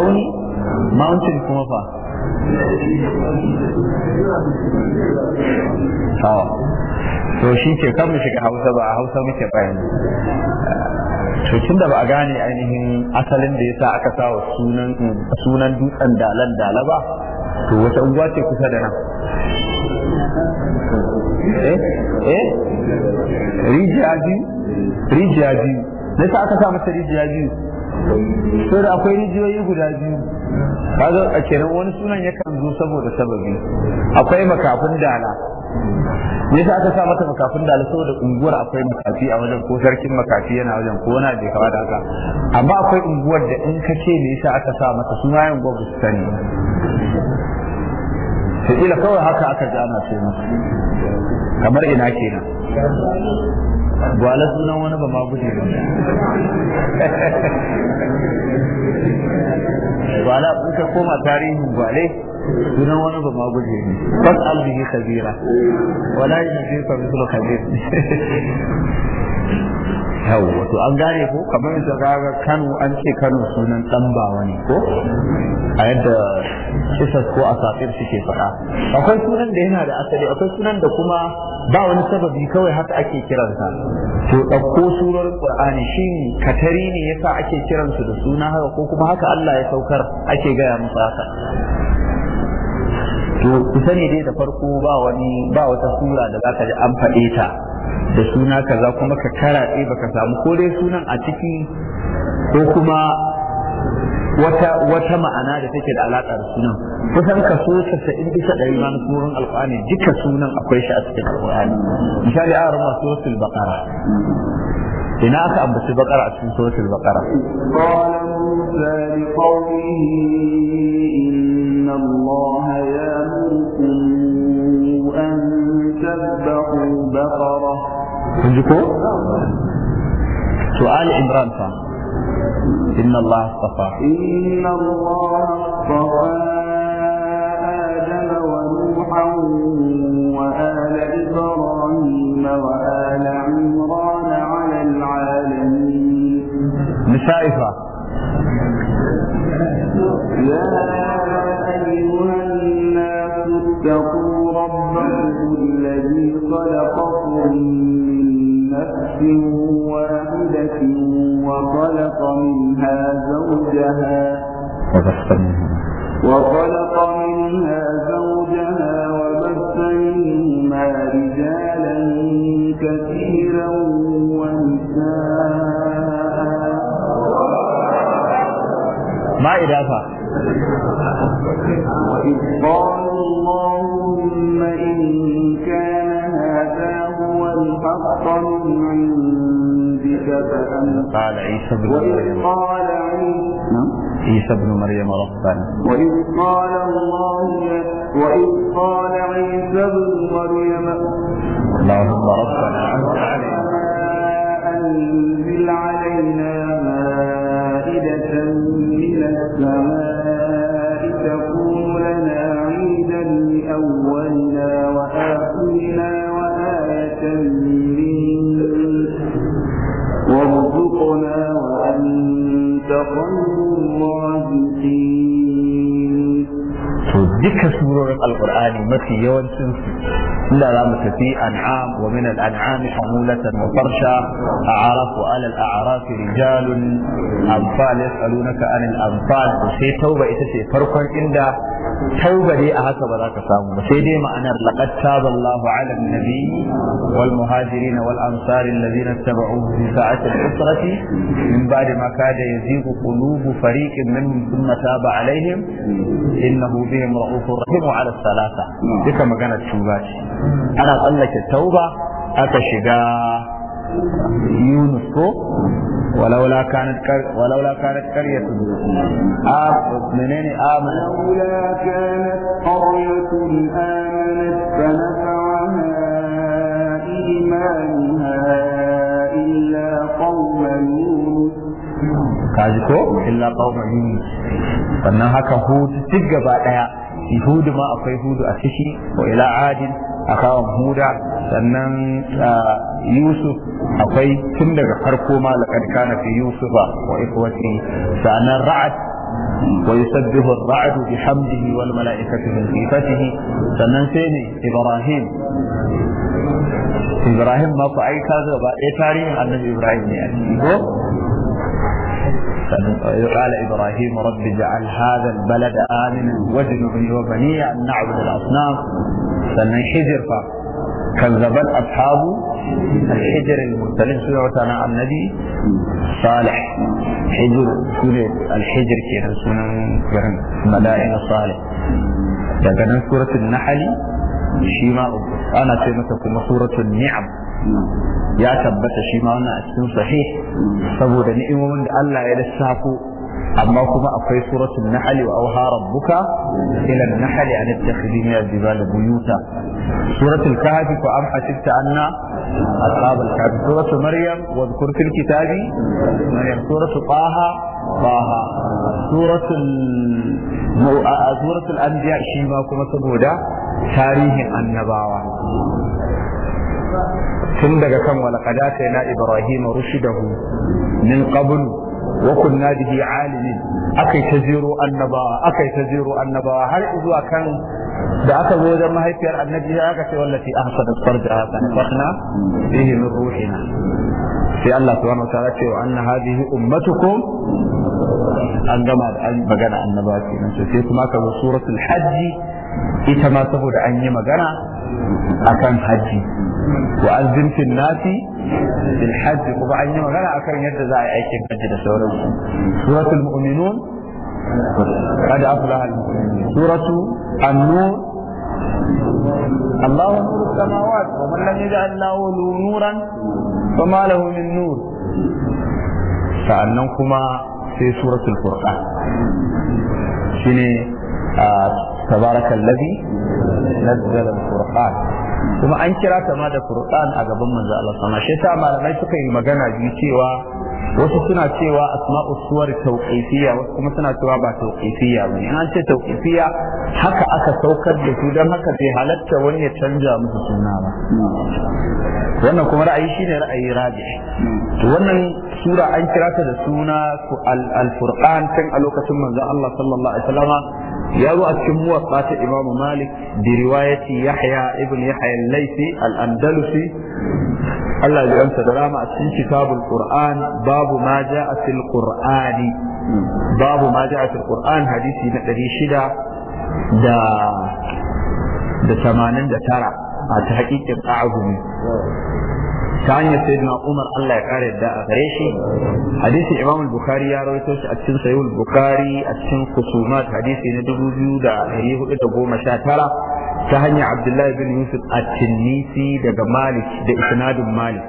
auni mountain kuma fa Oh. to shi ke kan mu shiga hausa ba a hausa muke bayani to tun da ba a gane ainihin asalin da yasa aka sa wa sunan dutsen dalan dala ba to wata unguwa ce kusa da nan eh eh rijiya biyu rijiya biyu nasa aka sa masa rijiya biyu so da akwai rijiyoyi guda biyu kaga a kenan wani sunan yakan zo saboda sababi akwai makafin dala me yasa aka sa mata makafin dala saboda unguwar akwai makafi a wajen ko sarkin makafi yana wajen ko wani bai kama da haka amma akwai unguwar da in ka ce me yasa aka sa mata sunayen su sani to kila kawai haka aka ji ana ce masa kamar ina kenan gwala sunan wani ba ma guje ba gwala in ta koma tarihin gwale sunan wani ba ma guje ne fas albihi kabira wala yi nafi ka misul kabir yau wato an gane ko kamar yadda ga Kano an ce Kano sunan dan bawa ne ko a yadda kisas ko asafir suke faɗa akwai sunan da yana da asali akwai sunan da kuma ba wani sababi kawai haka ake kiransa to ɗauko surar Qur'ani shin katari ne yasa ake kiransu da suna haka ko kuma haka Allah ya saukar ake gaya musu haka to ku sani dai da farko ba wani ba wata sura da za ka ji an faɗe ta da suna kaza kuma ka karaɗe baka samu ko dai sunan a ciki ko kuma wata wata ma'ana da take da alaƙa da sunan kusan ka sa in bisa ɗari ma na suran alƙur'ani duka sunan akwai shi a cikin alƙur'ani misali a rama suratul baqara ina aka ambaci baqara a cikin suratul baqara qala
musa li qawmihi إن الله يأمركم أن تذبحوا بقرة عندكم
سؤال عمران فان إن الله اصطفى
إن الله اصطفى آدم ونوحا وآل إبراهيم وآل عمران على العالمين
نسائفة
يا رب واحدة وخلق منها زوجها وبث منها وخلق منها زوجها وبث منهما رجالا كثيرا ونساء
ما إضافة وإذ قالوا اللهم
إن حقا من عندك فأنت
قال عيسى بن مريم قال نعم. عيسى بن مريم ربنا
وإذ قال الله وإذ قال عيسى بن مريم اللهم ربنا أنت علينا أنزل علينا مائدة من السماء to
duka surorin alkur'ani mafi yawancin su لا لا في أنعام ومن الأنعام حمولة وفرشا أعراف وآل الأعراف رجال أنفال يسألونك عن الأنفال وشي توبة إتسي فرقا إن توبة لي اهكا ذاك سامو وشي دي معنى لقد تاب الله على النبي والمهاجرين والأنصار الذين اتبعوه في ساعة الاسرة من بعد ما كاد يزيغ قلوب فريق منهم ثم تاب عليهم إنه بهم رؤوف رحيم على الثلاثة ذكر نعم. كانت شوباتي. ana tsallake tauba aka shiga yunus ko ولولا كانت كر... ولولا كانت قرية آب منين آمنت
ولولا كانت قرية آمنت فنفعها إيمانها إلا قوم
يونس kaji ko illa qauma yunus sannan haka hud duk gaba daya yahudu ma akwai hudu a ciki wa ila adin a kawon huda sannan yusuf akwai tun daga farko ma laƙar kana fi yusuf wa ikwati sannan ra'ad wa yusabbihu ar-ra'du bihamdihi wal mala'ikati min khifatihi sannan sai ne ibrahim ibrahim ma ku aika gaba ɗaya tarihin annabi ibrahim ne a ciki ko قال إبراهيم رب اجعل هذا البلد آمنا واجنبني وبني أن نعبد الأصنام sannan hijir فكذب الاصحاب الحجر المختلف سنة عن النبي صالح حجر سورة الحجر كيرا سنة ملائكة صالح لكن سورة النحل nahl انا ma سورة النعم ya tabbata shi ma wannan a cikin sahih saboda ni'imomin da Allah ya lissafo amma kuma akwai suratul nahl wa awha rabbuka ila an-nahl an tattakhidhi min al-jibali buyuta suratul kahf fa am hasibta anna ashab al-kahf suratul maryam wa dhkur fil kitabi maryam suratul taha taha suratul suratul anbiya shi ma kuma saboda tarihin annabawa tun daga kan walaqad atayna ibrahima rushdahu min qablu وكنا به عالمين akai ta jero annabawa akai ta jero annabawa har zuwa kan da aka zo wajen mahaifiyar annabi ya aka ce wallafi ahsana farjaha fa nasakna bihi min ruhina sai Allah subhanahu wa ta'ala ce wa anna hadhihi ummatukum an gama da an magana annabawa kenan sai kuma aka zo suratul hajji ita ma saboda an yi magana akan haji wa azzin fil nasi bil hajji kuma an yi magana akan yadda za a yi aikin haji da sauransu suratul mu'minun قد أفلح المؤمنون سورة allahu الله نور السماوات ومن لم يجعل له نورا فما له من نور sa'annan kuma sai suratul furqan shine ah, tabarakallazi nazzala alquran kuma an kira ta ma da Kur'an a gaban manzo Allah sama shi yasa malamai suka yi magana biyu cewa wasu suna cewa asma'u suwar tawqifiyya wasu kuma suna cewa ba tawqifiyya ba in an ce tawqifiyya haka aka saukar da su dan haka bai halatta wani ya canja musu suna ba wannan kuma ra'ayi shine ra'ayi raji wannan sura an kira ta da suna al-Qur'an tun a lokacin manzo Allah sallallahu alaihi wasallam ya zo a cikin muwatsa ta imamu malik bi riwayati yahya ibn yahya al-laythi al-andalusi Allah ya amsa da rama a cikin kitabul qur'an babu ma ja'a fil qur'ani babu ma ja'a fil qur'an hadisi na 600 da da 89 a ta hakikin a'azumi ta hanyar sayyidina Umar Allah ya kare da a gare shi hadisi Imam al-Bukhari ya rawaito shi a cikin Sahih al-Bukhari a cikin Kusumat hadisi na 2419 ta hanyar Abdullahi bin Yusuf a tinnisi daga Malik da isnadin Malik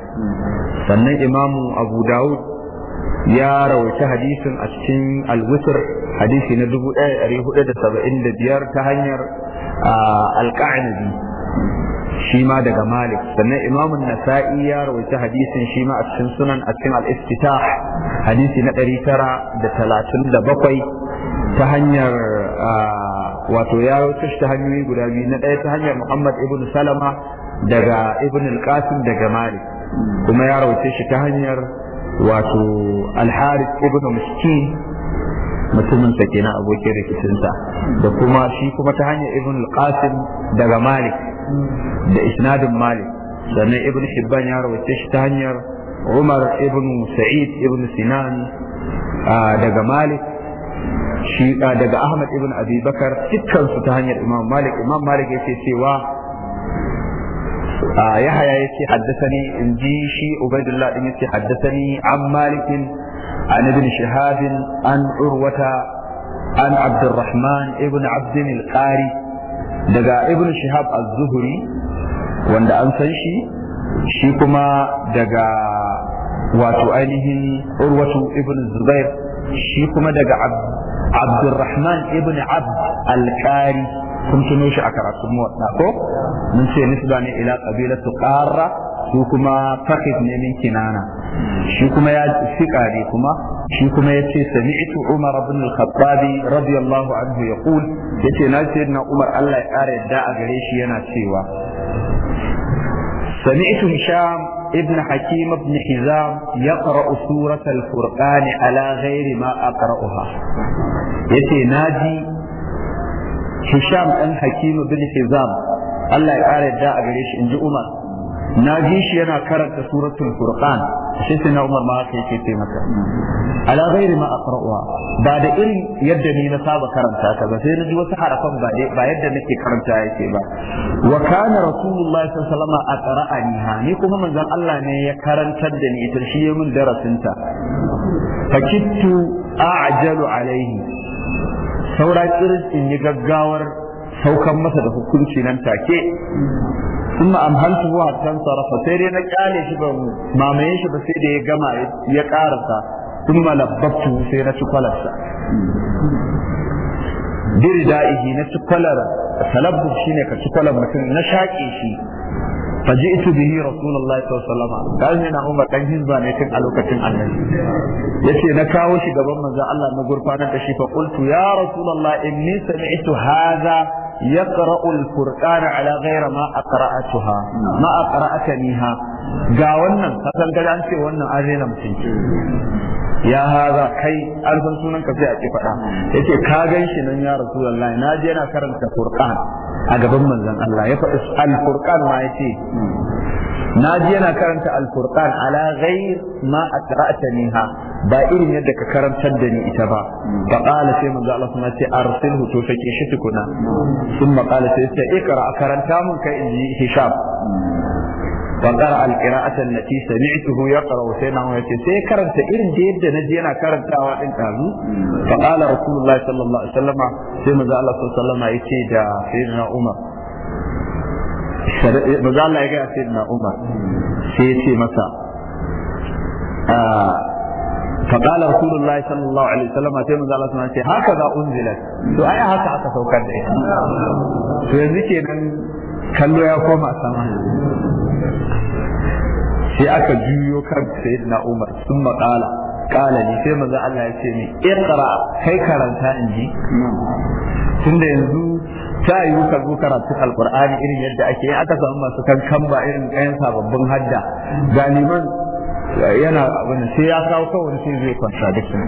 sannan Imam Abu Dawud ya rawaita hadisin a cikin al hadisi na 1475 ta hanyar ah, al-Qa'nabi shi ma daga malik sannan imam nasa'i ya rawaita hadisin shi ma a cikin sunan a cikin al-iftitah hadisi na 937 ta hanyar wato ya rawaita shi ta hanyoyi guda biyu na ɗaya ta hanyar muhammad ibn salama daga ibn al-qasim daga malik kuma ya rawaita shi ta hanyar wato al-harith ibn miskin mutumin sa kenan abokin rikicinsa da kuma shi kuma ta hanyar ibn al-qasim daga malik da isnadin malik sannan ibn hibban ya rawaita shi ta hanyar umar ibn sa'id ibn sinan daga malik shi daga ahmad ibn abi dukkansu ta hanyar imam malik imam malik yake cewa yahaya yake haddasani in ji shi ubaidullah din yake haddasani an malikin an ibn shihab an urwata an abdurrahman ibn abdin al daga ibn shihab az-zuhri wanda an san shi shi kuma daga wato ainihin urwatu ibn zubair shi kuma daga abdurrahman ibn abd al-qari kun tuno shi a karatun muwatta ko mun ce nisba ne ila qabilatu qarra su kuma fakif ne min kinana shi kuma ya fiƙare kuma shi kuma ya ce umar ibn al-khattab radiyallahu anhu yaqul yace na ce na umar Allah ya ƙara yadda a gare shi yana cewa sami'tu hisham ibn hakim ibn hizam yaqra'u surat al-furqan ala ghairi ma aqra'uha yace naji hisham dan hakim ibn hizam Allah ya ƙara yadda a gare shi inji umar na ji shi yana karanta suratul furqan shi sai na umar ma haka yake ce maka ala ghairi ma aqra'uha ba da irin yadda ni na saba karanta ka, ba sai na ji wasu harafan ba ba yadda nake karanta yake ba wa kana rasulullahi sallallahu alaihi wasallam aqra'aniha ni kuma manzon Allah ne ya karantar da ni ita shi ya min darasin ta fakittu a'jalu alaihi saura ni in yi gaggawar saukan masa da hukunci nan take sun amhaltu wa hatta sarafa sai dai na kyale shi ba mamaye shi ba sai da ya gama ya karasa sun labbabtu sai na ci kwalarsa dirda'ihi na ci kwalar talabbu shine ka ci kwalar mutum na shaƙe shi فجئت به رسول الله صلى الله عليه وسلم قال لنا عمر كان حزبا ne tun a lokacin annabi yace na kawo shi gaban manzo Allah na gurfanar da shi fa qultu ya rasul Allah inni sami'tu haza. yaqra'u al-qur'an ala ghayra ma aqra'atuha ma aqra'ataniha ga wannan kasan gada an ce wannan an rena mutum ya haza kai alfan sunan ka sai a ki faɗa yace ka gan shi nan ya rasulullahi na je yana karanta qur'an a gaban manzon Allah ya faɗi al-qur'an ma yace na ji yana karanta Alkur'an ala ghair ma aqra'taniha ba irin yadda ka karantar da ni ita ba fa qala sai manzo Allah kuma ce arsilhu to sake shi tukuna thumma qala sai ce ikra karanta mun kai inji hisham فقرأ القراءة التي سمعته يقرأ سيدنا سي كرنت إرن جيد نجينا كرنت أوائل فقال رسول الله صلى الله عليه وسلم سيما الله صلى الله عليه وسلم سيدنا عمر maza Allah ya gaya sai na Umar sai ya ce masa فقال رسول الله صلى الله عليه وسلم sai manzo Allah sun ce haka za unzilat to ai haka aka saukar da ita to yanzu kenan kallo ya koma sama sai aka juyo kan sayyidina Umar sun maƙala ƙala ne sai manzo Allah ya ce ni iqra kai karanta inji tunda yanzu ta yiwu ka zo karatu alkur'ani irin yadda ake yi. aka samu masu kankan ba irin ɗayan sababbin hadda galiman yana abin sai ya kawo kawai sai zai contradiction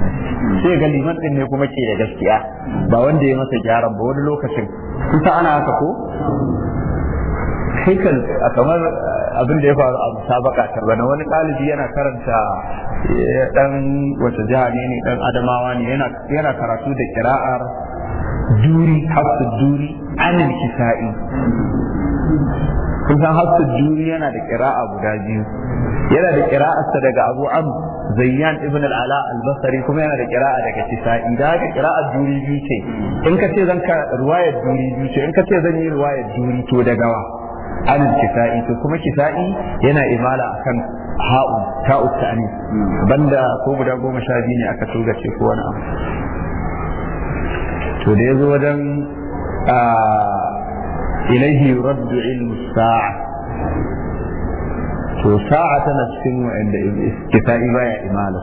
sai ga liman ɗin ne kuma ke da gaskiya ba wanda ya masa gyaran ba wani lokacin kusa ana haka ko haikal a kamar abin da ya faru a musabaka ta bana wani ɗalibi yana karanta eh, ɗan wata jiha ne ne Ɗan adamawa ne yana karatu da kira'ar duri hafsu duri anil kisa'i kun san hafsa duniya yana da kira'a guda biyu yana da kira'arsa daga abu am zayyan ibn al-ala al-basri kuma yana da kira'a daga kisa'i da haka kira'ar juri biyu ce in ka ce zan ka ruwayar juri biyu ce in ka ce zan yi ruwayar juri to da gawa anil kisa'i to kuma kisa'i yana imala akan ha'u ta'u ta'ani banda ko guda goma sha biyu ne aka tuga ce ko wani abu to da ya zo wajen ilaihi yuraddu ilmu sa'a to sa'a tana cikin wa'anda kifa'i baya imala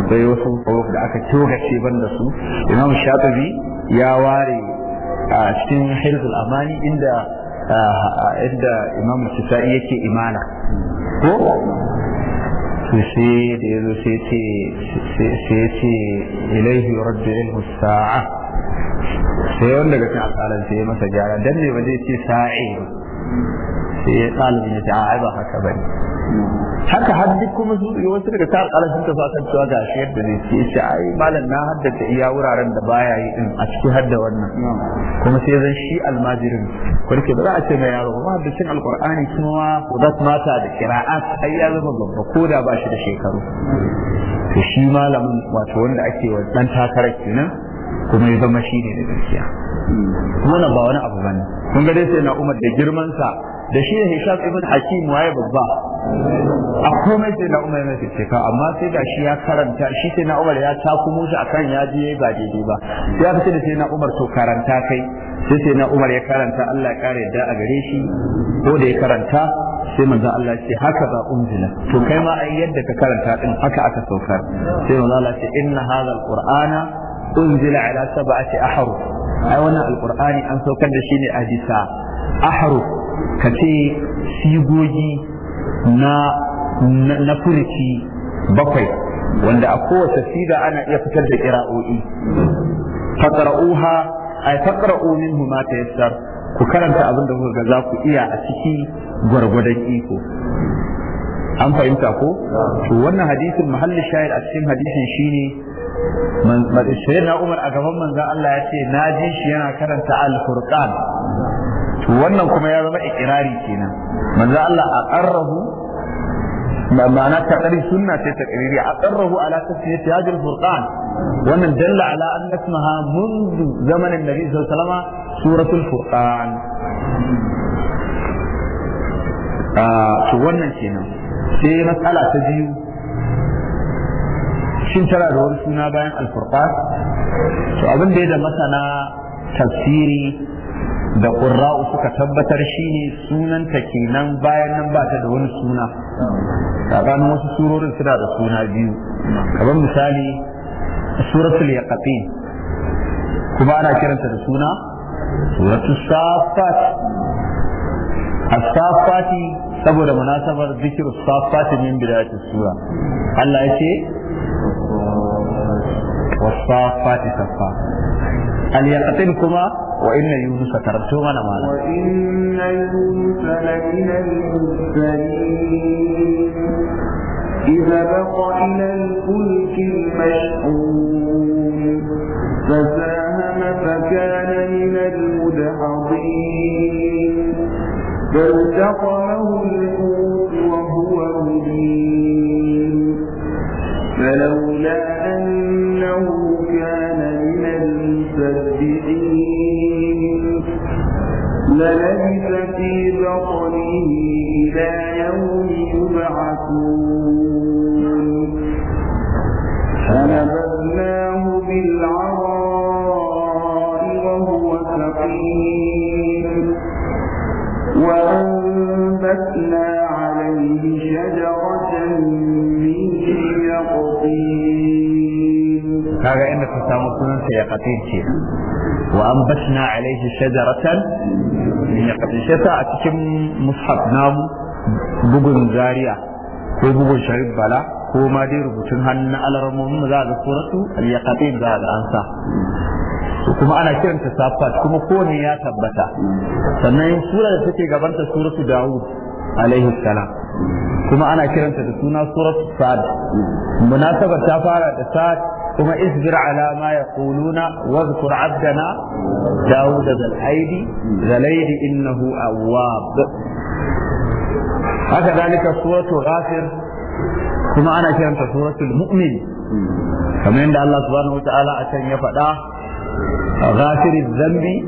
akwai wasu huruf da aka togace ban da su imam shafi'i ya ware a cikin hirzul amani inda inda imam kifa'i yake imana ko to sai da yazo sai ce sai ce ilaihi yuraddu ilmu sa'a sai wanda daga cikin sai masa gyara dan ne ba ce sa'i sai ya ɗalibin ya ce a ba haka bane haka har duk kuma su wasu daga ta alƙalan sun tafi akan cewa ga shi yadda zai ce shi ai malam na haddace iya wuraren da baya yi din a cikin hadda wannan kuma sai zan shi almajirin kurke ba za a ce mai yaro ba haddacin alƙur'ani kuma kudat mata da kira'at ai ya zama babba ko da ba shi da shekaru to shi malamin wato wanda ake wa dan takarar kenan kuma ya zama shi ne da gaskiya wannan ba wani abu bane kun ga dai sai na Umar da girman sa da shi ne Hisham ibn Hakim waye babba a komai sai na Umar mai fice amma sai da shi ya karanta shi sai na Umar ya takumo shi akan ya je ba daidai ba sai ya fice da sai na Umar to karanta kai sai sai na Umar ya karanta Allah ya kare da a gare shi ko da ya karanta sai manzo Allah ce haka za unzila to kai ma ai yadda ka karanta din haka aka saukar sai manzo Allah ce inna hadha alqur'ana unzila ala sab'ati ahruf ai wannan alqur'ani an saukar da shi ne a bisa kace sigogi na na bakwai wanda a kowace siga ana iya fitar da qira'o'i faqra'uha ay faqra'u minhu ma tayassar ku karanta abin da kuka ga za ku iya a ciki gwargwadon iko an fahimta ko to wannan hadisin mahallin shahid a cikin hadisin shine sai na umar a gaban manzan Allah ya ce na ji shi yana karanta al-furqan to wannan kuma ya zama ikirari kenan Allah a ma'ana ta sunna ce ta a ala tafsir al-furqan wannan dalla ala an منذ zaman annabi sallallahu alaihi wasallam suratul furqan ah, to wannan kenan sai matsala ta biyu shin tana da wani suna bayan alfurqan to abin da ya da masana tafsiri da ƙurra'u suka tabbatar shine sunanta kenan bayan nan ba ta da wani suna tsakanin wasu surorin suna da suna biyu kamar misali suratul yaqatin kuma ana kiranta da suna suratul safat as-safati saboda munasabar zikir safatin min bidayatis sura Allah ya ce wasafati safa al yaqtin kuma wa inna yunus karanto mana wa
inna yunus lakina al-mursalin idza baqa ila al-fulki al-mashhun فساهم فكان من المدحضين فالتقمه الحوت وهو مبين
فلولا
أنه كان من المسبحين للبث في بطنه إلى يوم يبعثون فَأَنبَتْنَا عَلَيْهِ شَجَرَةً مِّن يَقْطِينٍ
kaga inda ka samu sunan sa yaqatin ce wa anbatna alaihi shajaratan min yaqatin shata a cikin a namu bugun zaria ko bugun sharif bala ko ma dai rubutun hannun alarmomin za a ga suratu al-yaqatin za a ga ansa kuma ana kiranta safat kuma kowane ya tabbata sannan sura da take gabanta suratu dawud alaihi salam kuma ana kiranta da suna suratu sa'ad munasabar ta fara da sa'ad kuma isbir ala ma yaquluna wadhkur abdana dawud zal aidi zalaydi innahu awwab haka dalika suratu ghafir kuma ana kiranta suratul mu'min kamar yadda Allah subhanahu wa ta'ala a can ya faɗa غافر الذنب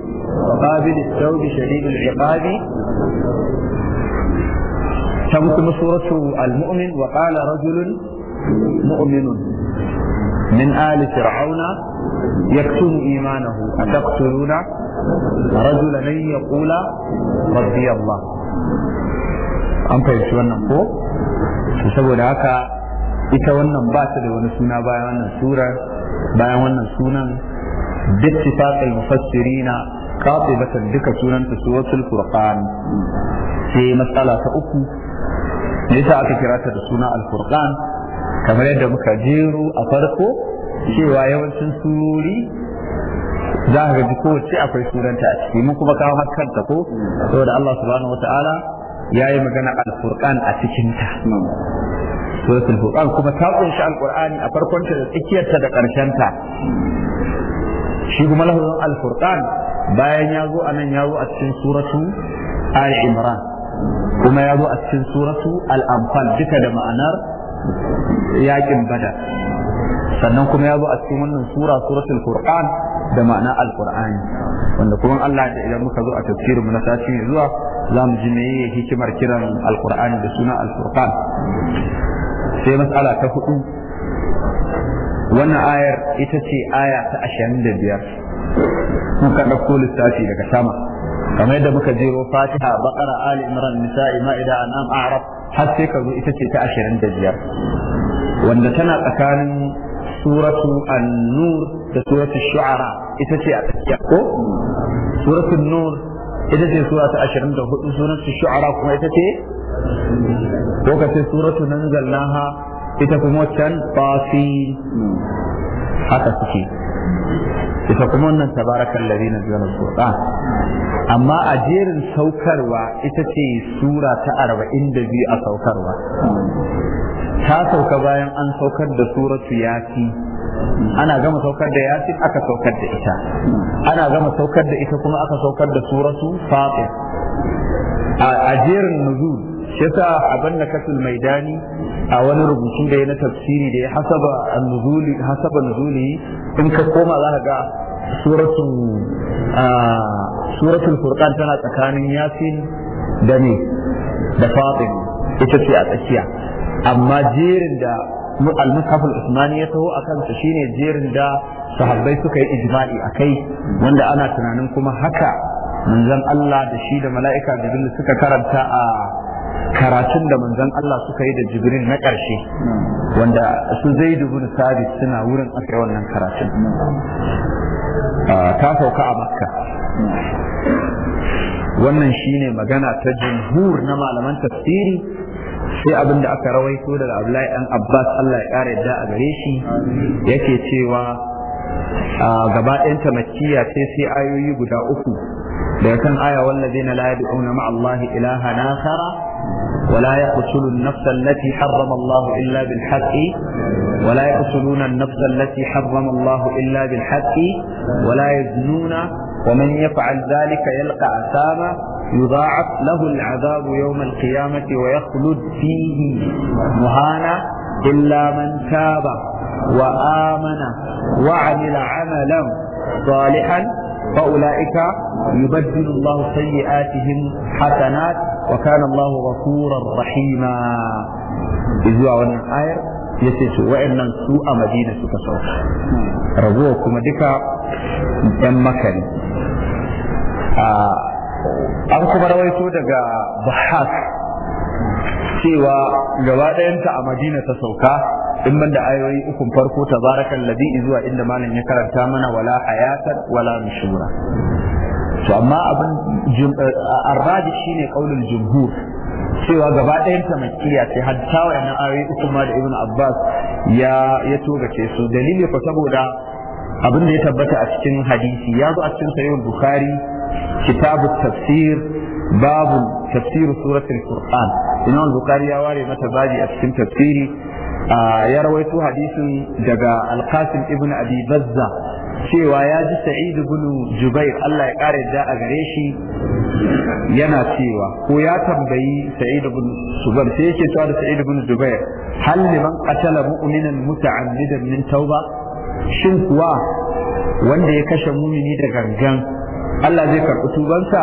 وقابل التوب شديد العقاب تمكن سورة المؤمن وقال رجل مؤمن من آل فرعون يكتم إيمانه أتقتلون رجلا أن يقول ربي الله an fahimci wannan ko لك إتوانا باتل ونسونا بايوانا سورة بايوانا da باتفاق المفسرين قاطبة دكة سنن سورة الفرقان في مسألة أكو ليس أكثرات سنة الفرقان كما يدى مكاجير أفرقو cewa yawancin surori za ka ji kowace akwai suranta a ciki mun kuma kawo kanta ko saboda Allah subhanahu wataala ya yi magana alfurqan a cikinta suratul furqan kuma ta kunshi alqur'ani a farkonta da tsakiyarta da ta shi kuma lafazin al bayan ya zo anan ya zo a cikin suratu al imran kuma ya zo a cikin suratu al-anfal duka da ma'anar yakin badar sannan kuma ya zo a cikin wannan sura suratul furqan da ma'ana al-qur'ani wanda kuma Allah da idan muka zo a tafsirin mu na sati zuwa za mu ji meye hikimar kiran al da suna al sai mas'ala ta hudu wannan ayar ita ce aya ta ashirin da biyar kuka ɗauko lissafi daga sama kamar yadda muka jero fatiha bakara ali imran nisa'i ma'ida an'am Arab. har sai ka zo ita ce ta ashirin da biyar wanda tana tsakanin suratu an-nur da suratu shu'ara ita ce a tsakiya ko suratu nur ita ce sura ta ashirin da hudu suratu shu'ara kuma ita ce lokacin suratu nan nanzalnaha ita kuma wancan tafi haka suke ita kuma wannan tabarakan ladina zuwa alquran amma a jerin saukarwa ita ce sura ta arba'in da biyu a saukarwa ta sauka bayan an saukar da suratu yasi ana gama saukar da yasin aka saukar da ita ana gama saukar da ita kuma aka saukar da suratu fatir a jerin nuzul shi yasa abin da kasul dani a wani rubutu da ya na tafsiri da ya hasaba nuzuli in ka koma za ka ga suratu tana tsakanin yasin da ne da fatim ita ce a tsakiya amma jerin da al-mushaf usmani ya taho a kansa shine jerin da sahabbai suka yi ijma'i akai wanda ana tunanin kuma haka manzon Allah da shi da mala'ika da suka karanta a karatun da manzon Allah suka yi da jibril na ƙarshe wanda su zai dubu sabis suna wurin aka wannan karatun ah, ta sauka a makka wannan shine magana ta jumhur na malaman tafsiri sai abinda da aka rawaito daga Abdullahi dan Abbas Allah ya ƙara yadda a gare shi yake cewa ah, gaba ɗayan ta makkiya sai sai ayoyi guda uku da kan aya wallazina la yad'una ma'a إلها آخر ولا يقتلوا النفس التي حرم الله إلا بالحق ولا يقتلون النفس التي حرم الله إلا بالحق ولا يزنون ومن يفعل ذلك يلقى عثاما يضاعف له العذاب يوم القيامة ويخلد فيه مهانا إلا من تاب وآمن وعمل عملا صالحا فأولئك يبدل الله سيئاتهم حسنات وكان الله غفورا رحيما إذ آير yace wa'annan su a madina suka sauka raguwa kuma duka yan makani. an kuma rawaito daga bahas cewa gaba ɗayanta a madina ta sauka in ban da ayoyi ukun farko tabarakan ladhi zuwa inda malam ya karanta mana wala hayatan wala nushura to amma abin eh, arraji shine qaulul jumhur cewa gaba ɗayan ta makkiya sai hatta wayannan ayoyi ukun ma da ibnu abbas ya ya togace su dalili ko saboda abin da ya tabbata a cikin hadisi ya zo a cikin sahih bukhari kitabut tafsir babu tafsir suratul qur'an imam bukhari ya ware mata zaji a cikin tafsiri ya rawaito hadisin daga alqasim ibn abi bazza cewa ya ji sa'id ibn jubair Allah ya kare da a gare shi yana cewa ko ya tambayi sa'id ibn sai yake cewa da sa'id ibn jubair hal liman qatala mu'minan muta'ammidan min tauba shin kuwa wanda ya kashe mumini da gangan Allah zai karɓi tubansa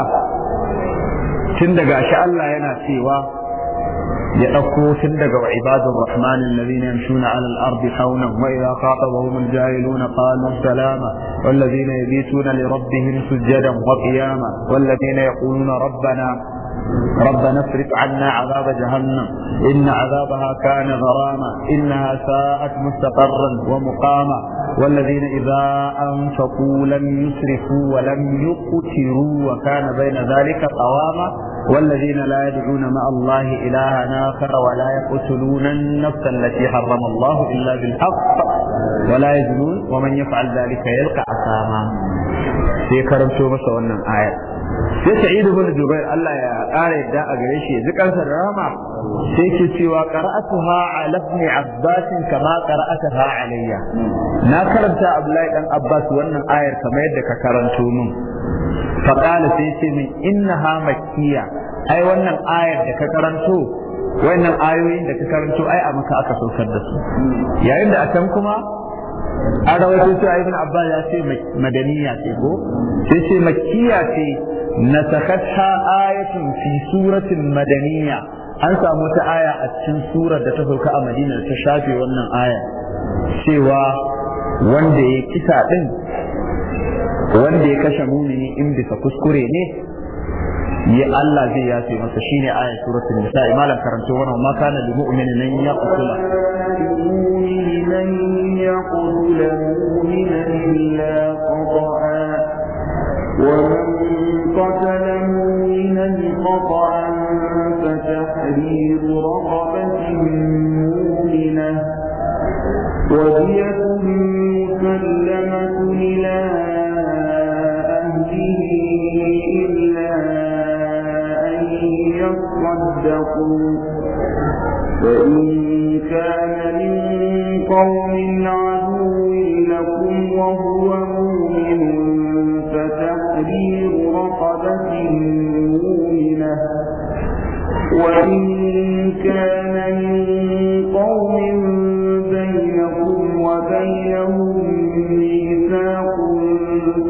tun daga shi Allah yana cewa يأكو سندق وعباد الرحمن الذين يمشون على الأرض حونا وإذا خاطبهم الجاهلون قالوا سلاما والذين يبيتون لربهم سجدا وقياما والذين يقولون ربنا ربنا اصرف عنا عذاب جهنم إن عذابها كان غراما إنها ساءت مستقرا ومقاما والذين إذا أنفقوا لم يسرفوا ولم يقتروا وكان بين ذلك قواما والذين لا يدعون مع الله إلها آخر ولا يقتلون النفس التي حرم الله إلا بالحق ولا يزنون ومن يفعل ذلك يلقى أثاما في كرم شو wannan ayar sai Sa'idu ibn jubair Allah ya ƙara yadda a gare shi yanzu kansa da rama sai ke cewa a ala ibn abbas kama a alayya na karanta abdullahi dan abbas wannan ayar kamar yadda ka karanto min fa qala sai ce min innaha makkiya ai wannan ayar da ka karanto wannan ayoyin da ka karanto ai a maka aka saukar da su yayin da a can kuma an rawaito cewa ibn abbas ya ce madaniya ce ko sai ce makkiya ce nasakatha ayatun fi suratin madaniya an samu ta aya a cikin surar da ta sauka a madina ta shafe wannan aya cewa wanda ya kisa din
wanda ya kashe
mumini in bisa kuskure ne يا الله زي ياتي متشيني آية سورة النساء ما لم كرمت وانا وما كان لمؤمن من
يقتل يقول مؤمنا إلا قطعا ومن قتل مؤمنا قطعا فتحرير رقبة مؤمنة وهي مكلمة إلى صدقوا فإن كان من قوم عدو لكم وهو مؤمن فتحرير رقبة مؤمنة وإن كان من قوم بينكم وبينهم ميثاق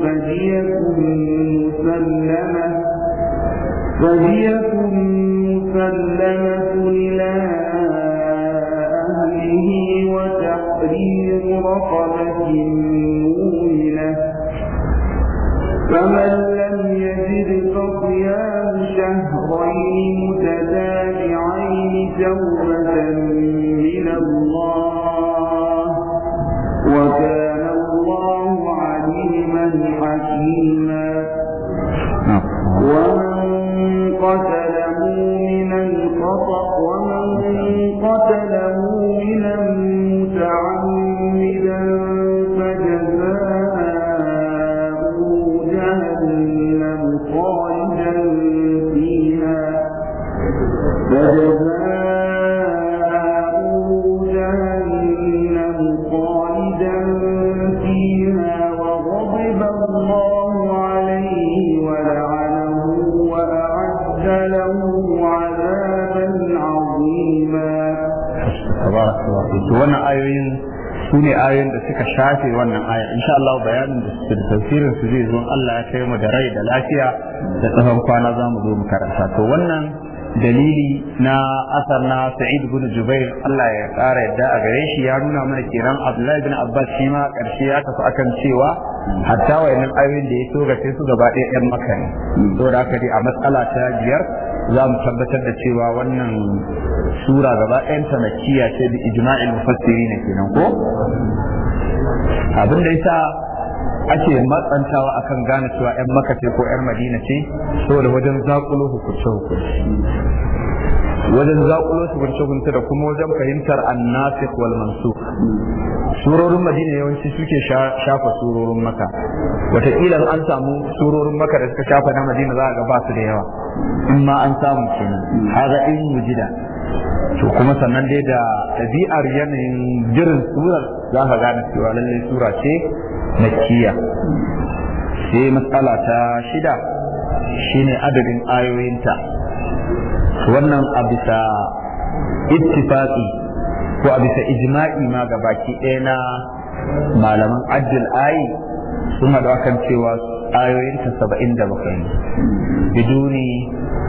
فدية مسلمة
فدية
tafsirin su zai zo Allah ya kai mu da rai da lafiya da tsawon kwana za mu zo mu karanta to wannan dalili na asar na sa'id bin jubair Allah ya kara yadda a gare shi ya nuna mana kenan abdullahi bin abbas shi ma karshe ya tafi akan cewa hatta wayannan ayoyin da ya so ga su gaba ɗaya maka ne to da haka dai a matsala ta biyar za mu tabbatar da cewa wannan sura gaba ɗayan ta makiya ce bi ijma'il mufassiri ne kenan ko abin da yasa ake matsantawa akan gane cewa 'yan makafe ce ko 'yan madina ce saboda wajen zakulo hukunce hukunci wajen zakulo hukunce hukunce da kuma wajen fahimtar annasik wal mansu surorin madina yawanci suke shafa surorin maka wataƙila an samu surorin maka da suka shafa na madina za a ga ba su da yawa in ma an samu kenan haza in mujida to kuma sannan dai da tabi'ar yanayin jirin surar za ka gane cewa lallai sura ce makkiya sai matsala ta shida shine adadin ayoyinta wannan a bisa ittifaqi ko a bisa ijma'i ma ga baki ɗaya na malaman ajil ayi sun haɗu akan cewa ayoyinta saba'in da bakwai biduni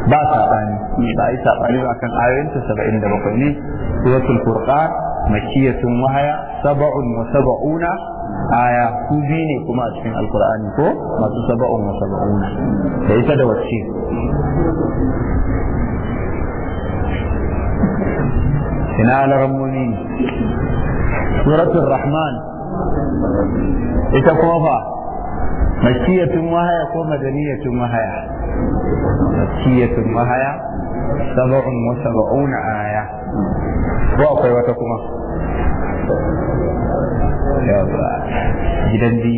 ba saɓani ba yi saɓani ba kan ayoyinta saba'in da bakwai ne suratul furqan makiyatun wahaya saba'un wa saba'una aya su biyu ne kuma a cikin alkur'ani ko masu saba'un wa saba'un da ita da wacce ina alaramuni suratul rahman ita kuma fa makiyatun wahaya ko madaniyatun wahaya makiyatun wahaya saba'un wa saba'un aya ko akwai wata kuma gidan bi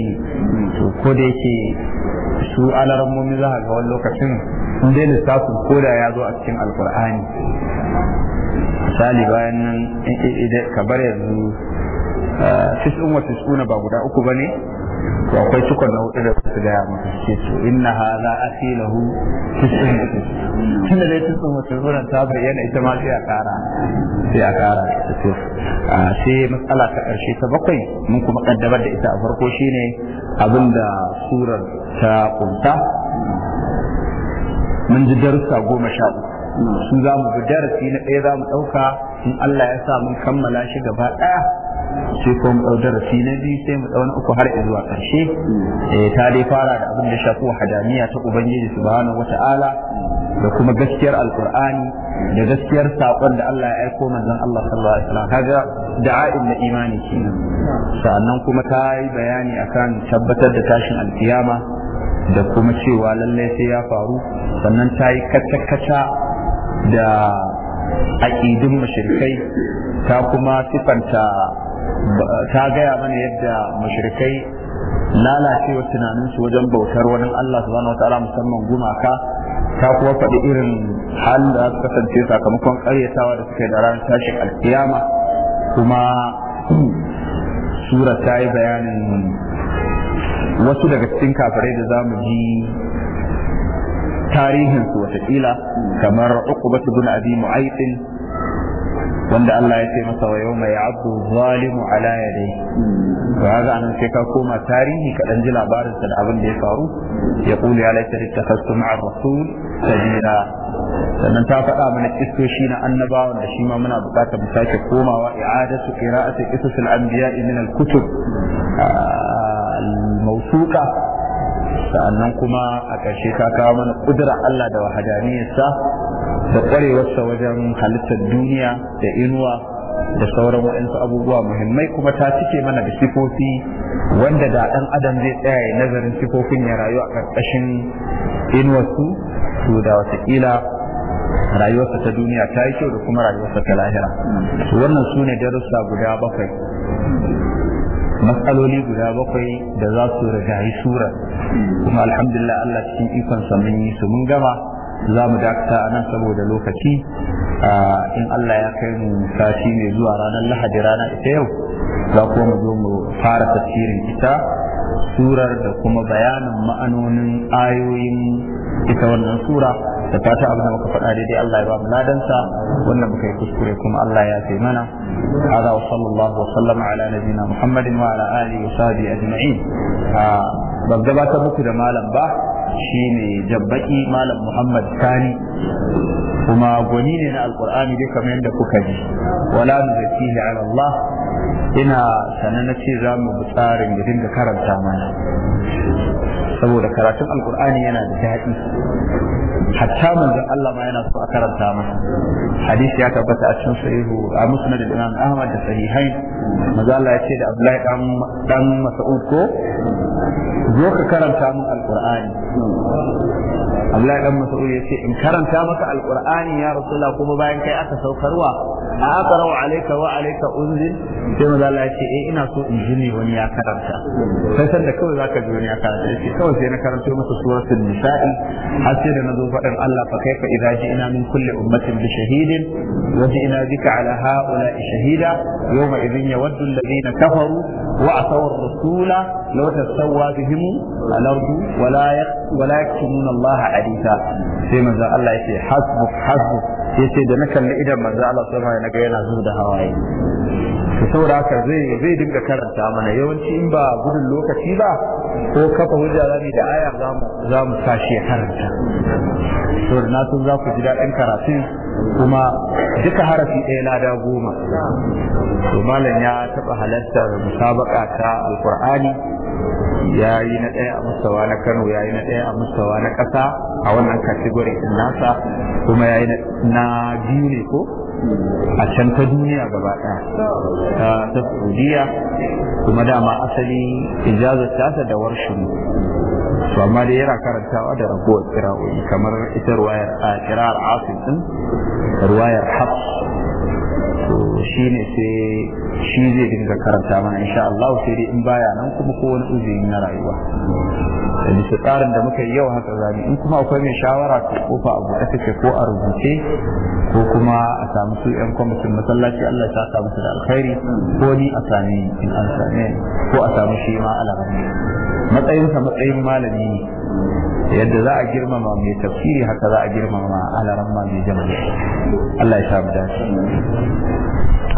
to ko da yake su alarammomi za ga wani lokacin sun dai lissafin ko da ya zo a cikin alkur'ani misali bayan nan ka bar yanzu eh, tis'un wata suna ba guda uku ba ne akwai cikon na hudu da su gaya masa ce to inna hala asilahu tisin mutum tunda dai tisin mutum zuran ta bayyana ita ma sai a kara sai a kara to sai matsala ta karshe ta bakwai mun kuma kaddamar da ita a farko shine abinda surar ta kunta mun ji darussa goma sha uku su za mu bi darasi na ɗaya za mu ɗauka in Allah ya sa mun kammala shi gaba ɗaya sai ko mu ɗau darasi na biyu sai mu ɗau na uku har zuwa ƙarshe eh, ta dai fara da abin da shafi miya ta ubangiji subhanahu wata'ala da kuma gaskiyar alqur'ani da gaskiyar saƙon da Allah ya aiko manzon Allah sallallahu alaihi wasallam kaga da'a'in na imani kenan sa'annan kuma ta yi bayani akan tabbatar da tashin alkiyama da kuma cewa lallai sai ya faru sannan ta yi kacce da aƙidun mashirkai ta kuma sifanta ta gaya mana yadda mashirkai lalacewa tunaninsu wajen bautar wani Allah subhanahu wataala musamman gumaka ta kuma faɗi irin halin da su kasance sakamakon ƙaryatawa da suke da ranar tashin alkiyama kuma sura ta yi bayanin wasu daga cikin kafirai da za mu ji tarihinsu watakila kamar uqbat ibn abi mu'ayth wanda Allah ya ce masa wa yawma ya'du zalimu ala yadayhi to haka anan sai ka koma tarihi ka dan ji labarin sa da abin da ya faru ya kuli ya laita littafastu ma'a rasul sabila sannan ta faɗa mana kistoshi na annabawan da shi ma muna buƙatar mu sake komawa i'adatu qira'ati qisasil anbiya'i min al-kutub ah, al-mawsuqa sa'annan kuma a ƙarshe ka kawo mana ƙudura Allah da wahadaniyarsa da ƙwarewarsa wajen halittar duniya da inuwa da sauran waɗansu abubuwa muhimmai kuma ta cike mana da sifofi wanda da ɗan adam zai tsaya ya nazarin sifofin ya rayu a ƙarƙashin inuwarsu to da watakila rayuwarsa ta duniya ta yi kyau da kuma rayuwarsa ta lahira wannan su ne darussa guda bakwai matsaloli guda bakwai da za su rigayi sura kuma alhamdulillah Allah cikin ikon mun yi su mun gama za mu dakata a nan saboda lokaci in Allah ya kai mu sati mai zuwa ranar lahadi rana ita yau za kuma mu zo mu fara tafsirin ita surar da kuma bayanin ma'anonin ayoyin ita wannan sura da fata abin da muka faɗa daidai Allah ya ba mu ladansa wannan muka yi kuskure kuma Allah ya fi mana hada wa sallallahu wa sallama ala nabiyina Muhammadin wa ala alihi wa sahbihi ajma'in ban gabatar muku da malam ba shine jabbaki malam Muhammad Sani kuma gwani ne na alkur'ani dai kamar yadda kuka ji wala nuzakihi ala Allah ina sanar na ce za mu bi tsarin da dinga karanta mana saboda karatun alkur'ani yana da daɗi hatta manzon Allah ma yana so a karanta masa hadisi ya tabbata a cikin sahihu a musnad al-Imam Ahmad da sahihai manzo Allah ya ce da Abdullahi dan dan Mas'ud ko zo ka karanta min alkur'ani Abdullahi dan Mas'ud ya ce in karanta maka alkur'ani ya Rasulullah kuma bayan kai aka saukarwa a aqra'u alayka wa alayka unzil sai manzo Allah ya ce eh ina so in ji ne wani ya karanta sai san da kawai zaka ji wani ya karanta sai kawai sai na karanto masa suratul nisa'i har sai da nazo faɗin Allah fa kaifa idza ji'na min kulli ummatin bi shahidin wa ji'na bika ala ha'ula'i shahida yawma idhin yawaddu alladhina kafaru wa asaw ar-rasula law tasawwa bihim al-ardu wa la walakin Allah hadisa sai manzo Allah yace hasbuk hasbuk yace da na kalli idan manzo Allah sai na naga yana zuwa da hawaye to saboda haka zai zai dinga karanta mana yawanci in ba gudun lokaci ba ko kafa hujja za da aya za mu sashi ya karanta to na san za ku ji daɗin karatun kuma duka harafi ɗaya na da goma to malam ya taɓa halartar musabaka ta alƙur'ani ya yi na ɗaya a mustawa na kano ya yi na ɗaya a mustawa na ƙasa a wannan kategori nasa kuma ya yi na biyu ne ko a can ta duniya gaba ɗaya ta saudiya kuma dama asali ijazar ta da warshin su amma dai yana karantawa da raguwar kira'o'i kamar ita ruwayar a kira'ar asim din ruwayar hafs to ne sai shi zai dinga karanta mana insha Allah sai dai in baya nan kuma ko wani uzuri na rayuwa da bisa tsarin da muka yi yau haka zami in kuma akwai mai shawara ko kofa abu da take ko a rubuce ko kuma a samu su yan kwamitin masallaci Allah ya saka musu da alkhairi ko ni a sami in an same ko a samu shi ma alhamdu matsayinsa matsayin malami yadda za a girmama mai tafsiri haka za a girmama alaran ma mai jama'a Allah ya sha mu
dace